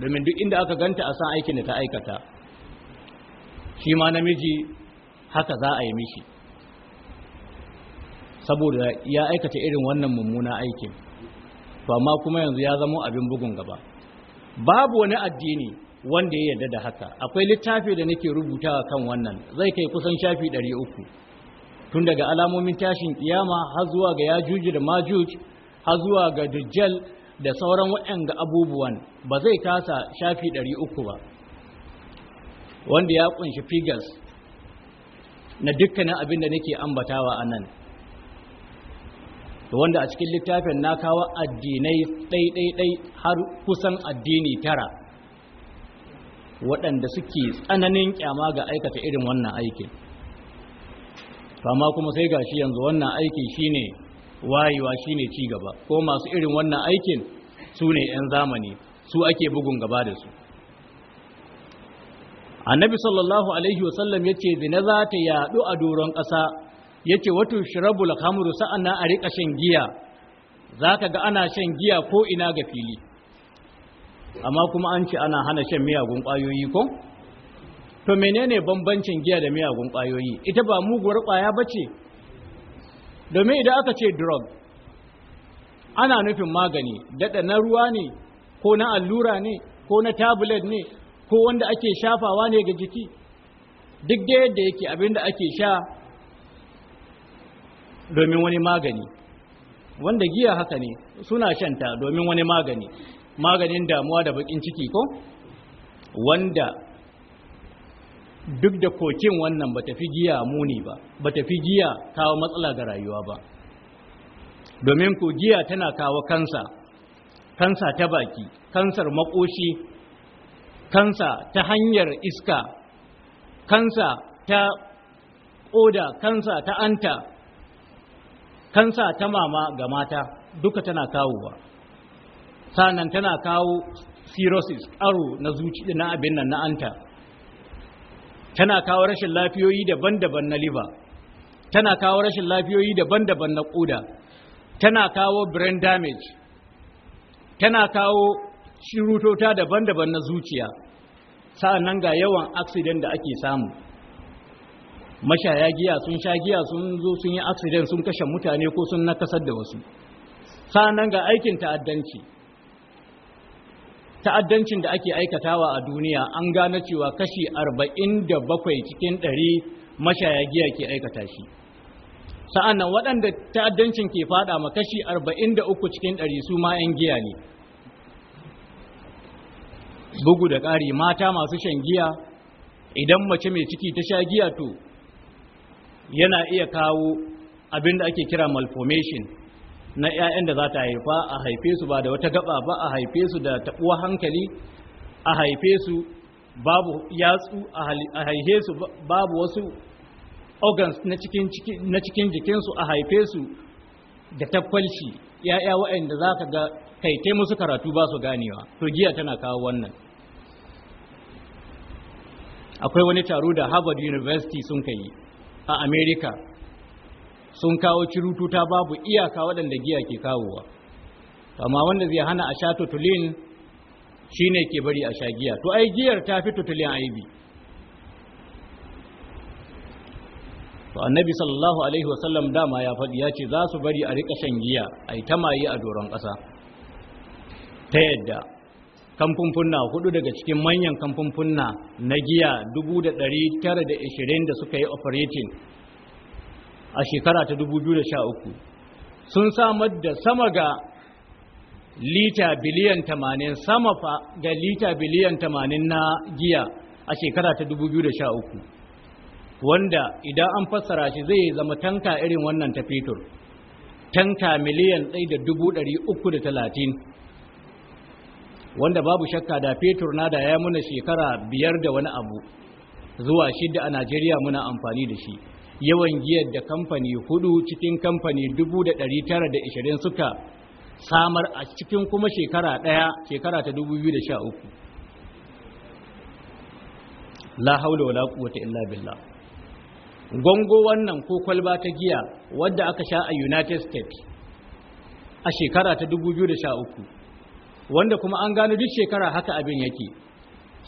domin duk inda aka ganta a san aikin da ta aikata shi ma namiji haka za a yi mishi saboda ya aikata irin wannan mummuna aikin to amma kuma yanzu ya zama abin bugun gaba babu wani addini wanda ya yarda da haka akwai littafi da nake rubuta rubutawa kan wannan zai kai kusan shafi 300 tun daga alamomin tashin kiyama har zuwa ga yajuj da majuj har zuwa ga dajjal da sauran waɗanda abubuwan ba zai kasa shafi 300 ba wanda ya kunshi figures na dukkanin abin da nake ambatawa a nan wanda a cikin littafin na kawo addinai ɗaiɗaiɗai har kusan addini tara waɗanda suke tsananin kyama ga aikata irin wannan aikin kama kuma sai gashi yanzu wannan aikin shine wayewa shine ci gaba ko masu irin wannan aikin su ne 'yan zamani su ake bugun gaba da su annabi sallallahu alaihi wasallam ya ce zina za ta yaɗu a doron ƙasa ya ce wato shirabul hamuru sa'an a riƙa shan giya za ka ga ana shan giya ko ina ga fili amma kuma an ce ana hana shan miyagun ƙwayoyi ko to menene bambancin giya da miyagun ƙwayoyi ita ba muguwar ƙwaya ba ce domin idan aka ce drug ana nufin magani daɗa na ruwa ne ko na allura ne ko na tablet ne ko wanda ake shafawa ne ga jiki duk da yadda yake abinda ake sha domin wani magani wanda giya haka ne suna shanta domin wani magani maganin damuwa da bakin ciki ko wanda duk da kokin wannan ba tafi giya muni ba ba tafi giya kawo matsala ga rayuwa ba domin ko giya tana kawo kansa kansa ta baki kansar makoshi kansa ta hanyar iska kansa ta koda kansa ta anta kansa ta mama ga mata duka tana kawo ba. Sanan tana kawo cirrhosis karo na zuci na abin nan na anta tana kawo rashin lafiyoyi daban-daban na liver tana kawo rashin lafiyoyi daban-daban na ƙuda tana kawo brain damage tana kawo shirutota daban-daban na zuciya sa'annan ga yawan accident da ake samu mashaya giya sun sha giya sun zo sun yi accident sun kashe mutane ko sun nakasar da wasu sa'annan ga aikin ta'addanci ta'addancin da ake aikatawa a duniya an gane cewa kashi 47 cikin 100 mashaya giya ke aikata shi sa'annan waɗanda ta'addancin ke fada ma kashi 43 cikin 100 su ma 'yan giya ne bugu da ƙari mata masu shan giya idan mace mai ciki ta sha giya to yana iya kawo abin da ake kira malformation na 'ya'yan da za ta haifa a haife su ba da wata gaba ba a haife su da taɓuwa hankali a haife su babu yatsu a haife su babu wasu organs na cikin jikinsu a haife su da takwalci 'ya'ya waɗanda za ka ga kaitai musu karatu ba su ganewa to giya tana kawo wannan akwai wani taro da harvard university sun kai a Amerika? sun kawo cirututa babu iyaka waɗanda giya ke kawowa amma wanda zai hana a sha tutulin shine ke bari a sha giya to ai giyar ta fi tutulin aibi to annabi sallallahu alaihi wasallam dama ya faɗi ya ce za su bari a riƙa shan giya a yi maye a doron ƙasa ta yadda kamfunfunna hudu daga cikin manyan kamfunfunna na giya 920 da suka yi operating a shekara ta 2013 sun samar da sama ga lita biliyan 80 sama fa ga lita biliyan 80 na giya a shekara ta 2013 wanda idan an fassara shi zai zama tanka irin wannan ta fetur tanka miliyan 1,330 wanda babu shakka da fetur na da ya muna shekara biyar da wani abu zuwa shidda a najeriya muna amfani da shi yawan giyar da kamfani hudu cikin kamfani 1920 suka samar a cikin kuma shekara daya shekara ta 2013 la haula wala quwwata illa billah gongo wannan ko kwalba ta giya wadda aka sha a United States a shekara ta 2013 wanda kuma an gano duk shekara haka abin yake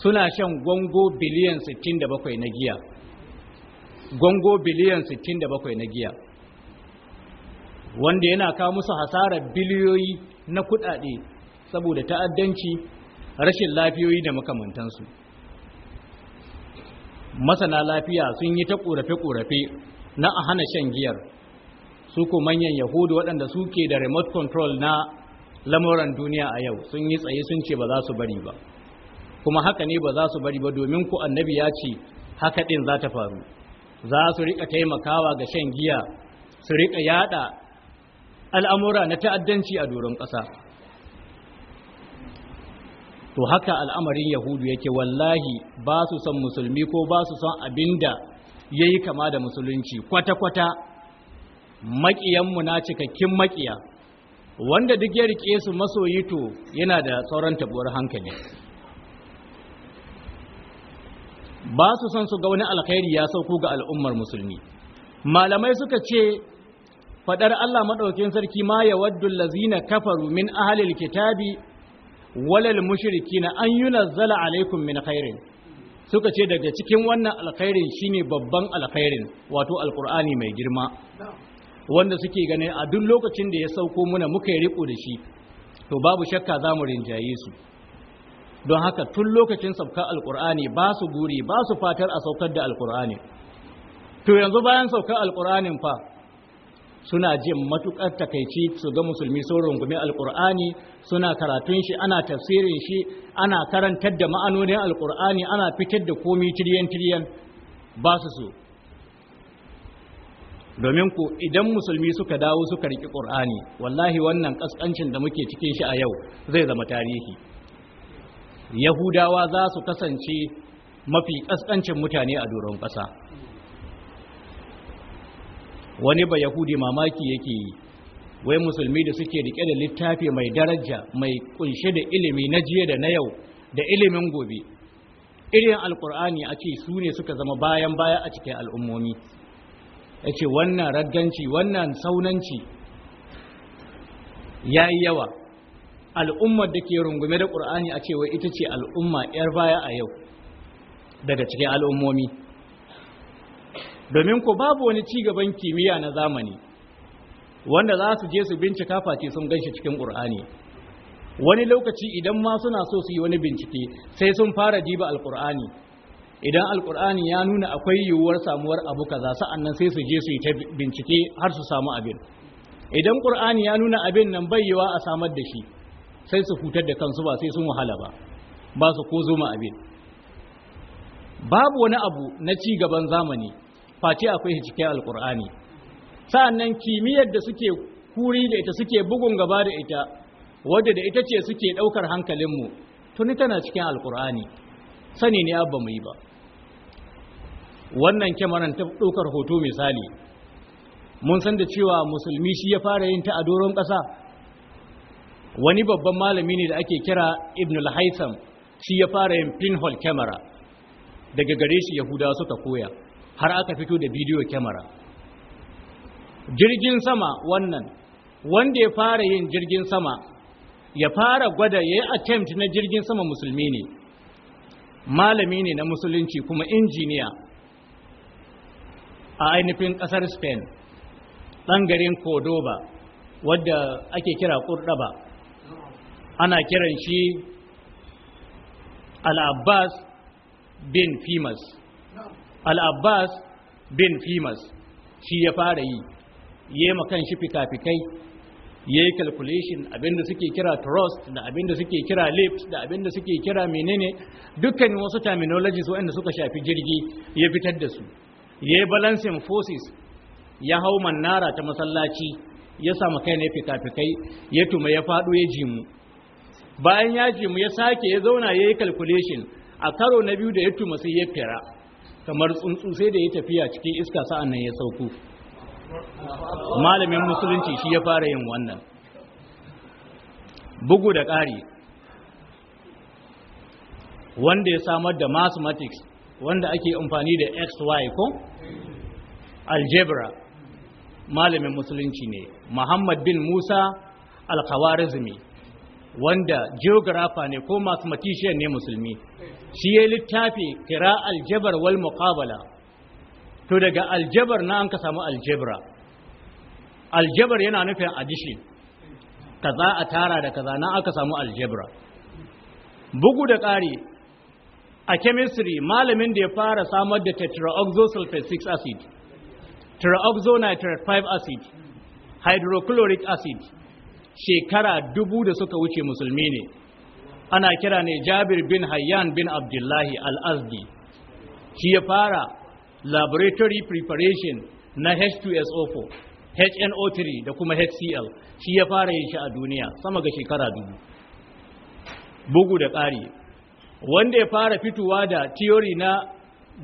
suna shan gongo biliyan 67 na giya gongo biliyan 67 na giya wanda yana kawo musu hasarar biliyoyi na kudade saboda ta'addanci rashin lafiyoyi da makamantansu masana lafiya sun yi ta ƙorafe-ƙorafe na a hana shan giyar su ko manyan yahudu waɗanda su ke da remote control na lamuran duniya a yau sun yi tsaye sun ce ba za su bari ba kuma haka ne ba za su bari ba domin ku annabi ya ce haka ɗin za ta faru za su riƙa taimakawa ga shan giya su riƙa yada al'amura na ta'addanci a doron ƙasa to haka al'amarin yahudu yake wallahi ba su son musulmi ko ba su son abinda ya yi kama da musulunci kwata-kwata maƙiyanmu na cikakkin maƙiya wanda duk ya rike su masoyi to yana da sauran tabuwar hankali ba su son su ga wani alkhairi ya sauko ga al'ummar musulmi malamai suka ce fadar Allah madaukakin sarki ma ya waddu lazina kafaru min ahlil kitabi walal mushrikina an yunazzala alaikum min khairin suka ce daga cikin wannan alkhairin shine babban alkhairin wato alqur'ani mai girma wanda suke ganin a duk lokacin da ya sauko muna muka yi riko da shi to babu shakka za mu rinjaye su don haka tun lokacin saukar alkur'ani ba su guri ba su fatar a saukar da alkur'ani to yanzu bayan saukar alkur'anin fa suna jin matukar takaici su ga musulmi sun rungumi alkur'ani suna karatun shi ana tafsirin shi ana karantar da ma'anonin alkur'ani ana fitar da komi tiriyan tiriyan ba su so domin ku idan musulmi suka dawo suka riƙi ƙur'ani wallahi wannan ƙasƙancin da muke cikin shi a yau zai zama tarihi yahudawa za su kasance mafi ƙasƙancin mutane a doron ƙasa wani ba yahudi mamaki yake yi wai musulmi da suke rike da littafi mai daraja mai ƙunshe da ilimi na jiya da na yau da ilimin gobe irin Alƙur'ani a ce su ne suka zama bayan baya a cikin al'ummomi ya ce wannan ragganci wannan saunanci ya yi yawa al'ummar da ke rungume da ƙur'ani a cewa ita ce al'umma 'yar baya a yau daga cikin al'ummomi domin ko babu wani cigaban kimiyya na zamani wanda za su je su bincika face sun ganshi cikin ƙur'ani wani lokaci idan ma suna so su yi wani bincike sai sun fara diba alƙur'ani idan alƙur'ani ya nuna akwai yiwuwar samuwar abu kaza sa'annan sai su je su yi ta bincike har su samu abin idan ƙur'ani ya nuna abin nan bayyawa a samar da shi sai su hutar da kansu ba sai sun wahala ba ba su ko zo abin babu wani abu na ci gaban zamani face akwai shi cikin alkur'ani sa'annan kimiyyar da suke kuri da ita suke bugun gaba da ita wadda da ita ce suke ɗaukar hankalinmu tuni tana cikin alkur'ani sani ne abba mu yi ba wannan kyamaran ta daukar hoto misali mun san da cewa musulmi shi ya fara yin ta a ƙasa wani babban malami ne da ake kira ibn al-haitham shi ya fara yin pinhole camera daga gare shi yahudawa suka koya har aka fito da bidiyo camera jirgin sama wannan wanda ya fara yin jirgin sama ya fara gwada ya yi attempt na jirgin sama musulmi ne malami ne na musulunci kuma injiniya a ainihin kasar spain ɗan cordoba wadda ake kira Kurɗaba. ana kiran shi al-abbas bin fimas al-abbas bin fimas shi ya fara yi ya yi kan shi fika ya yi calculation abinda suke kira trust da abinda suke kira lift da abinda suke kira menene dukkan wasu terminologies waɗanda suka shafi jirgi ya fitar da su ya yi balancing forces ya hau mannara ta masallaci ya samu kai ne fika-fikai ya tuma ya faɗo ya jimu bayan ya mu ya sake ya zauna ya yi calculation a karo na biyu da ya tuma sai ya fira kamar tsuntsu sai da ya tafiya cikin iska sa'an nan ya sauku. malamin musulunci shi ya fara yin wannan bugu da ƙari wanda ya samar da mathematics wanda ake amfani da xy ko algebra malamin musulunci ne muhammad bin musa al-khawarizmi wanda geographer ne ko mathematician ne musulmi shi ya littafi kira aljabar wal muqabala to daga aljabar na an ka samu aljabra aljabar yana nufin addition kaza a tara da kaza na aka samu aljabra bugu da ƙari a chemistry malamin da ya fara samar da tetraoxosulfate 6 acid tetraoxonitrate 5 acid hydrochloric acid shekara dubu da suka wuce musulmi ne ana kira ne jabir bin hayyan bin abdullahi al-azdi shi ya fara laboratory preparation na h2so4 hno3 da kuma hcl shi ya fara yin shi a duniya sama ga shekara dubu bugu da ƙari wanda ya fara fitowa da theory na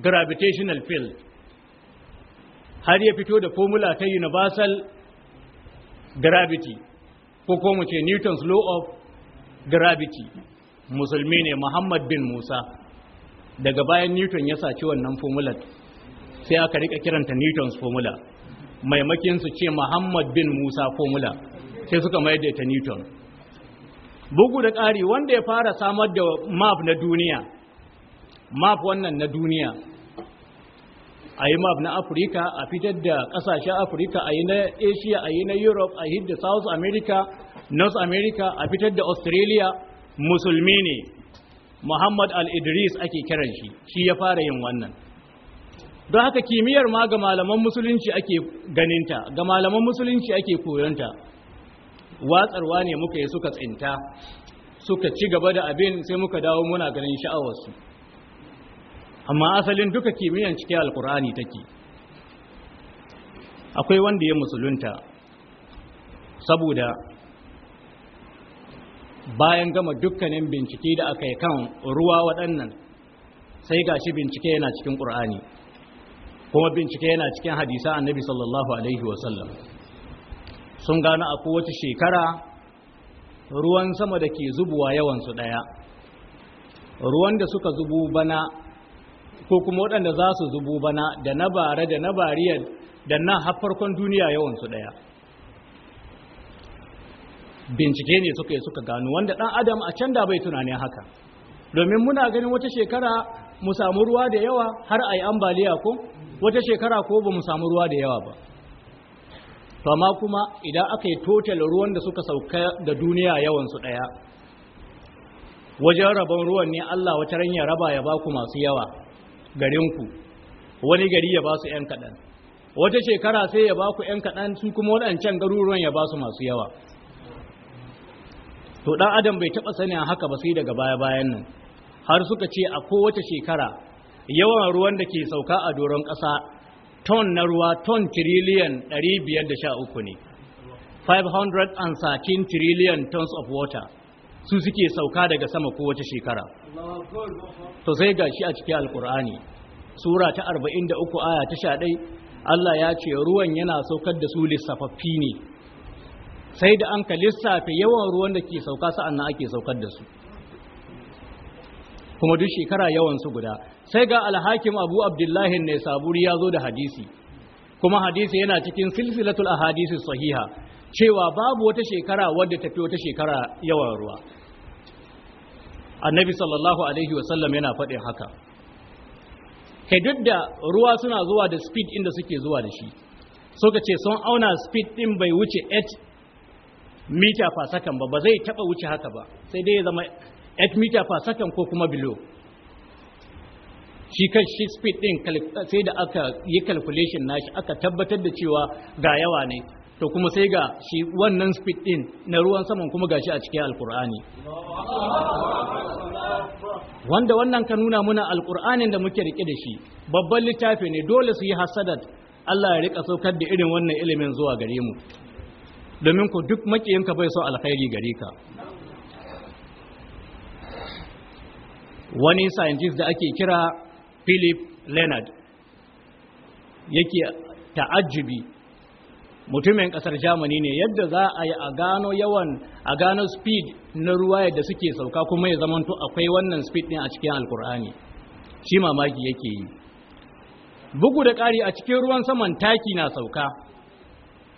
gravitational field har ya fito da formula ta universal gravity ko ko mu ce Newton's law of gravity musulmi ne Muhammad bin Musa daga bayan Newton ya saci wannan formula sai aka rika kiranta Newton's formula maimakin su ce Muhammad bin Musa formula sai suka mayar da ta Newton bugu da ƙari wanda ya fara samar da map na duniya map wannan na duniya a yi map na afirka a fitar da kasashen afirka a yi na asia a yi na europe a yi da south america north america a fitar da australia musulmi ne muhammad al-idris ake kiran shi shi ya fara yin wannan don haka kimiyyar ma ga malaman musulunci ake ganinta ga malaman musulunci ake koyonta watsarwa ne muka yi suka tsinta suka ci gaba da abin sai muka dawo muna ganin sha'awarsu amma asalin duka kimiyyar cikin alkur'ani take akwai wanda ya musulunta saboda bayan gama dukkanin bincike da aka yi kan ruwa waɗannan sai ga shi bincike yana cikin ƙur'ani kuma bincike yana cikin hadisa annabi sallallahu alaihi wasallam sun gano a kowace shekara ruwan sama da ke zubuwa yawansu ɗaya ruwan da suka zubu bana ko kuma waɗanda za su zubo bana da na bare da na bariyar da na farkon duniya yawansu ɗaya bincike ne suka yi suka gano wanda ɗan adam a can da bai tunani haka domin muna ganin wata shekara mu samu ruwa da yawa har a yi ambaliya ko wata shekara ko ba mu samu ruwa da yawa ba to amma kuma idan aka yi total ruwan da suka sauka da duniya yawansu ɗaya wajen rabon ruwan ne Allah wata ran ya raba ya baku masu yawa garinku wani gari ya ba su 'yan kaɗan wata shekara sai ya ba ku 'yan kaɗan su kuma waɗancan garuruwan ya ba su masu yawa to ɗan adam bai taɓa sanin haka ba sai daga baya-bayan nan har suka ce a kowace shekara yawan ruwan da ke sauka a doron ƙasa ton na ruwa ton tiriliyan uku ne 513 trillion tons of water su suke sauka daga sama ko wata shekara to sai shi a cikin alkur'ani sura ta 43 aya ta 11 Allah ya ce ruwan yana saukar da su lissafaffi ne sai da an ka lissafe yawan ruwan da ke sauka sa'an nan ake saukar da su kuma duk shekara yawan su guda sai ga alhakim abu abdullahi ne saburi ya zo da hadisi kuma hadisi yana cikin silsilatul ahadisi sahiha cewa babu wata shekara wadda tafi wata shekara yawan ruwa annabi sallallahu alaihi wasallam yana faɗin haka ke da ruwa suna zuwa da speed inda suke zuwa da shi suka ce sun auna speed ɗin bai wuce 8 mita per second ba ba zai taba wuce haka ba sai dai ya zama 8 mita per second ko kuma below shi kan shi speed din sai da aka yi calculation nashi aka tabbatar da cewa ga yawa ne to kuma sai ga shi wannan speed din na ruwan saman kuma gashi a cikin alkur'ani wanda wannan ka nuna muna alkur'anin da muke rike da shi babban littafi ne dole su yi hasadat Allah ya rika saukar da irin wannan ilimin zuwa gare mu domin ku duk makiyin ka bai so alkhairi gare ka wani scientist da ake kira Philip Leonard yake ta'ajjubi mutumin kasar Jamani ne yadda za a yi a gano yawan a gano speed na ruwa yadda suke sauka kuma ya zamanto akwai wannan speed ne a cikin alkur'ani shi mamaki yake yi bugu da ƙari a cikin ruwan saman taki na sauka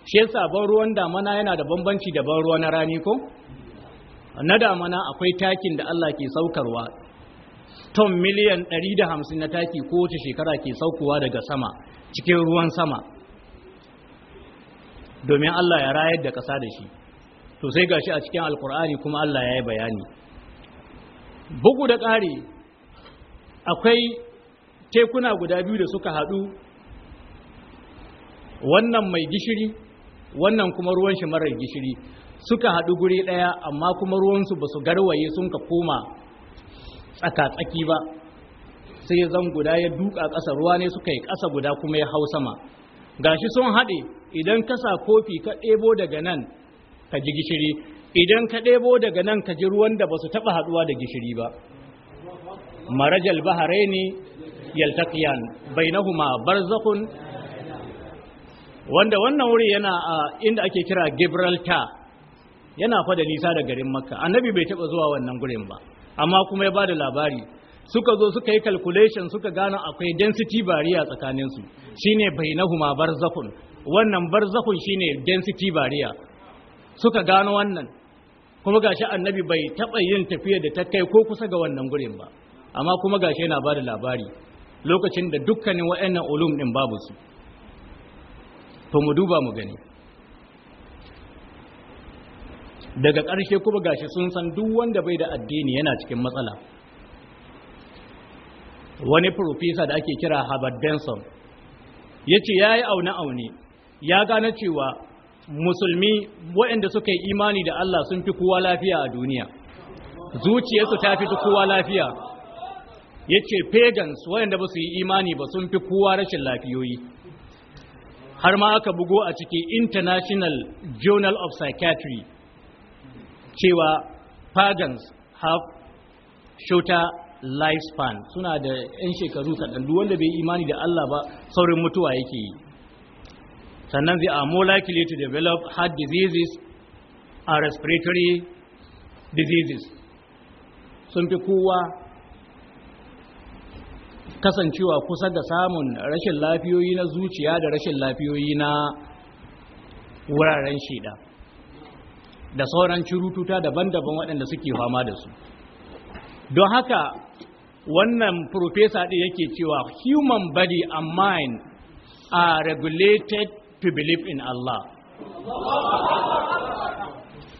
shi sabon ruwan damana yana da bambanci da ban ruwa na rani ko na damana akwai takin da Allah ke saukarwa ton miliyan 150 na taki kowace shekara ke saukowa daga sama cikin ruwan sama domin Allah ya rayar da ƙasa da shi to sai ga shi a cikin alkur'ani kuma Allah ya yi bayani bugu da ƙari akwai tekuna guda biyu da suka haɗu wannan mai gishiri wannan kuma ruwan shi marar gishiri suka haɗu guri ɗaya amma kuma ruwansu ba su garwaye sun ka koma tsaka-tsaki ba sai zan guda ya duka ƙasa ruwa ne suka yi ƙasa guda kuma ya hau sama Ga shi sun haɗe idan ka sa kofi ka ɗebo daga nan ka ji gishiri idan ka ɗebo daga nan ka ji ruwan da ba su taɓa haɗuwa da gishiri ba marajal baharaini yaltaqiyan bainahuma barzakhun wanda wannan wuri yana a inda ake kira Gibraltar yana fa nisa da garin Makka annabi bai taɓa zuwa wannan gurin ba amma kuma ya bada labari suka zo suka yi calculation suka gano akwai density barrier tsakaninsu shine bainahuma barzakhun wannan barzakhun shine density barrier suka gano wannan kuma gashi annabi bai taba yin tafiya da ta kai ko kusa ga wannan gurin ba amma kuma gashi yana bada labari lokacin da dukkanin wa'annan ulum din babu su to mu duba mu gani daga ƙarshe kuma gashi sun san duk wanda bai da addini yana cikin matsala wani profesa da ake kira Harvard Benson ya ce ya yi aune-aune ya gane cewa musulmi waɗanda suka yi imani da Allah sun fi kowa lafiya a duniya zuciyarsu ta fi kowa lafiya ya ce pagans waɗanda ba su yi imani ba sun fi kowa rashin lafiyoyi har ma aka bugo a cikin international journal of psychiatry cewa pagans have shota. lifespan suna da 'yan shekaru kaɗan duk wanda bai imani da Allah ba saurin mutuwa yake yi sannan zai a more likely to develop heart diseases and respiratory diseases sun fi kowa kasancewa kusa da samun rashin lafiyoyi na zuciya da rashin lafiyoyi na wuraren shida da sauran cirututa daban-daban waɗanda suke fama da su don haka wannan profesa ɗin yake cewa human body and mind are regulated to believe in Allah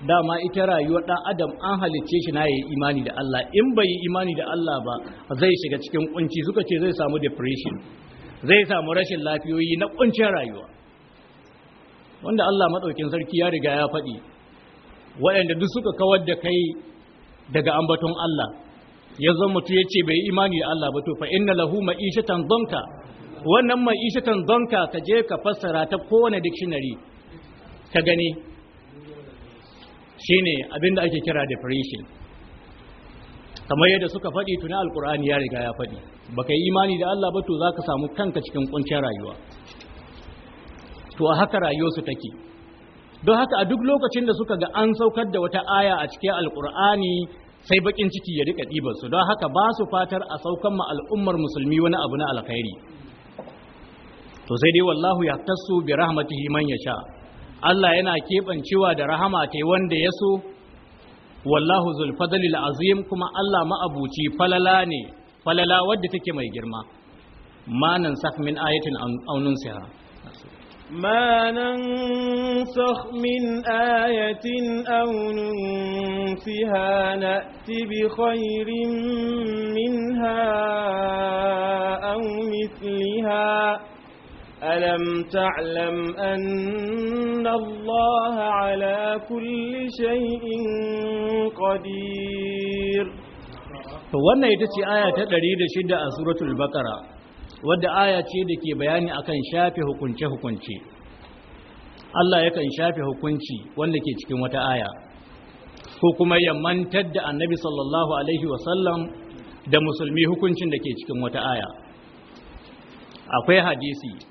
dama ita rayuwar ɗan adam an halicce shi na yi imani da Allah in bai yi imani da Allah ba zai shiga cikin kunci suka ce zai samu depression zai samu rashin lafiyoyi na kuncin rayuwa wanda Allah maɗaukin sarki ya riga ya faɗi waɗanda duk suka kawar da kai daga ambaton Allah ya zo mutum ya ce bai imani da Allah ba to fa inna lahu ma'ishatan dhanka wannan ma'ishatan dhanka ka je ka fassara ta kowane dictionary ka gani shine da ake kira depression kamar yadda suka faɗi tuni alkur'ani ya riga ya faɗi baka yi imani da Allah ba to zaka samu kanka cikin kuncin rayuwa to a haka rayuwarsu take don haka a duk lokacin da suka ga an saukar da wata aya a cikin alkur'ani sai bakin ciki ya rika ɗibar su don haka ba su fatar a saukan ma al'ummar musulmi wani abu na alkhairi to sai dai wallahu ya tasu bi rahmatihi man yasha Allah yana keɓancewa da rahama ta wanda ya so wallahu zul fadlil azim kuma Allah ma'abuci falala ne falala wadda take mai girma manan saf min ayatin aunun siha ما ننسخ من آية أو ننسها نأت بخير منها أو مثلها ألم تعلم أن الله على كل شيء قدير فوانا يتسي آية تدريد شدة سورة البقرة wadda aya ce da ke bayani akan shafe hukunce-hukunce Allah yakan shafe hukunci wanda ke cikin wata aya ko kuma yammantar da annabi sallallahu alaihi wasallam da musulmi hukuncin da ke cikin wata aya akwai hadisi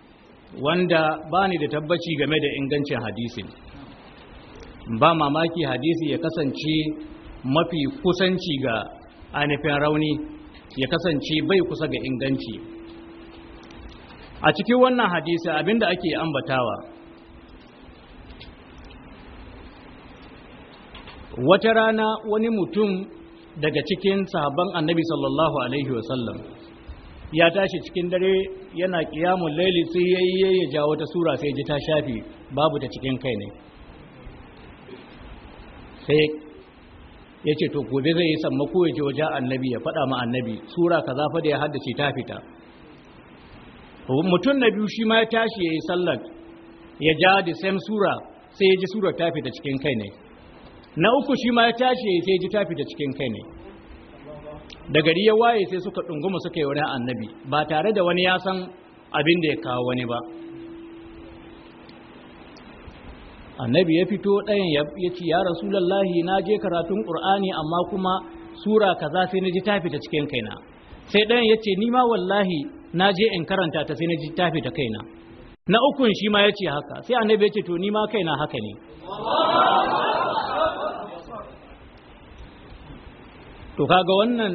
wanda ba ni da tabbaci game da ingancin hadisi, ba mamaki hadisi ya kasance mafi kusanci ga anifin rauni ya kasance bai kusa ga inganci a cikin wannan hadisi abinda ake ambatawa wata rana wani mutum daga cikin sahabban annabi sallallahu alaihi wasallam ya tashi cikin dare yana kiyamun laili sai ya yi ya ja wata sura sai ji ta shafi babu ta cikin kai ne sai ya ce to gobe zai yi sammako ya ji wajen annabi ya faɗa ma annabi sura ka zafa da ya haddace ta fita mutum na biyu shi ma ya tashi ya yi sallar ya ja da sura sai ya ji sura ta fita cikin kai ne na uku shi ma ya tashi ya sai ya ji ta fita cikin kai ne da gari ya waye sai suka ɗunguma suka yi wani annabi ba tare da wani ya san abin da ya kawo wani ba annabi ya fito ɗayan ya ce ya rasulallahi na je karatun ƙur'ani amma kuma sura kaza sai na ji ta fita cikin kaina sai ɗayan ya ce ni ma wallahi na je in karanta ta sai na ji tafi da kaina na ukun shi ma ya haka sai annabi yace to ni ma kaina haka ne to kaga wannan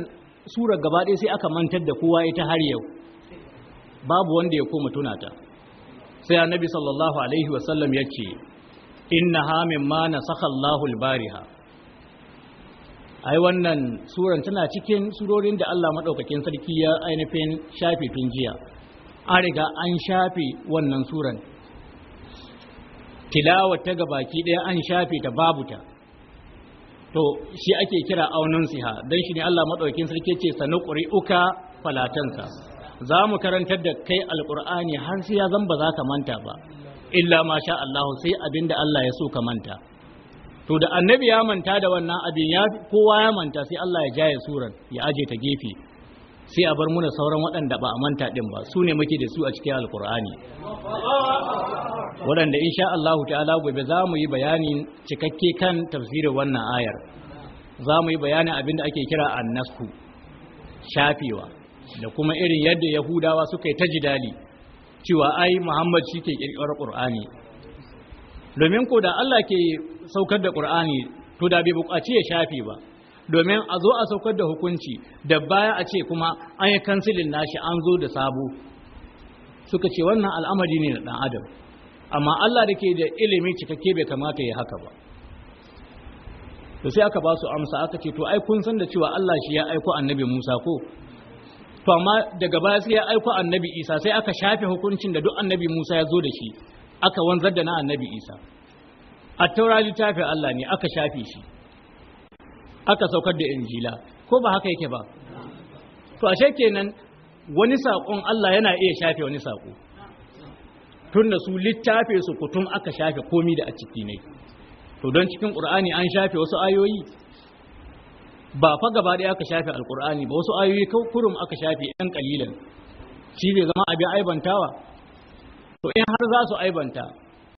surar gaba ɗaya sai aka mantar da kowa ita har yau babu wanda ya koma ta sai annabi sallallahu alaihi wasallam ya ce inna ha mimma nasakha Allahu al-bariha ai wannan suran tana cikin surorin da Allah madaukakin sarki ya ainihin shafe tun jiya an riga an shafe wannan suran tilawar ta gabaki ɗaya an shafe ta babu ta to shi ake kira aunin siha don shi ne Allah maɗaukin sarki ce sanu uka falatansa za mu karantar da kai alƙur'ani har sai ya zan za ka manta ba illa ma sha Allah sai abinda Allah ya so ka manta to da annabi ya manta da wannan abin ya kowa ya manta sai Allah ya jaye suran ya aje ta gefe sai a bar muna sauran waɗanda ba a manta din ba su ne muke da su a cikin alkur'ani waɗanda insha Allah ta'ala gobe za mu yi bayani cikakke kan tafsirin wannan ayar za mu yi bayanin abin da ake kira annasku shafewa da kuma irin yadda yahudawa suka yi ta jidali cewa ai muhammad shi ke ƙirƙirar ƙur'ani domin ko da Allah ke saukar da ƙur'ani, to da bai buƙaci ya shafi ba domin a zo a saukar da hukunci da baya a ce kuma an yi kansilin nashi an zo da sabo suka ce wannan al'amari ne na ɗan adam amma Allah da ke da ilimi cikakke bai kamata ya haka ba to sai aka ba su amsa aka ce to ai kun san da cewa Allah shi ya aiko annabi Musa ko to amma daga baya sai ya aiko annabi Isa sai aka shafe hukuncin da duk annabi Musa ya zo da shi aka wanzar da na annabi Isa a taura littafin Allah ne aka shafe shi aka saukar da injila ko ba haka yake ba to ashe kenan wani sakon Allah yana iya shafe wani sako tun da su littafe su kutum aka shafe komi da a ciki ne to don cikin ƙur'ani an shafe wasu ayoyi ba fa gaba da aka shafe alƙur'ani ba wasu ayoyi kurum aka shafe ɗan ƙalilan shi bai zama abin aibantawa to in har za su aibanta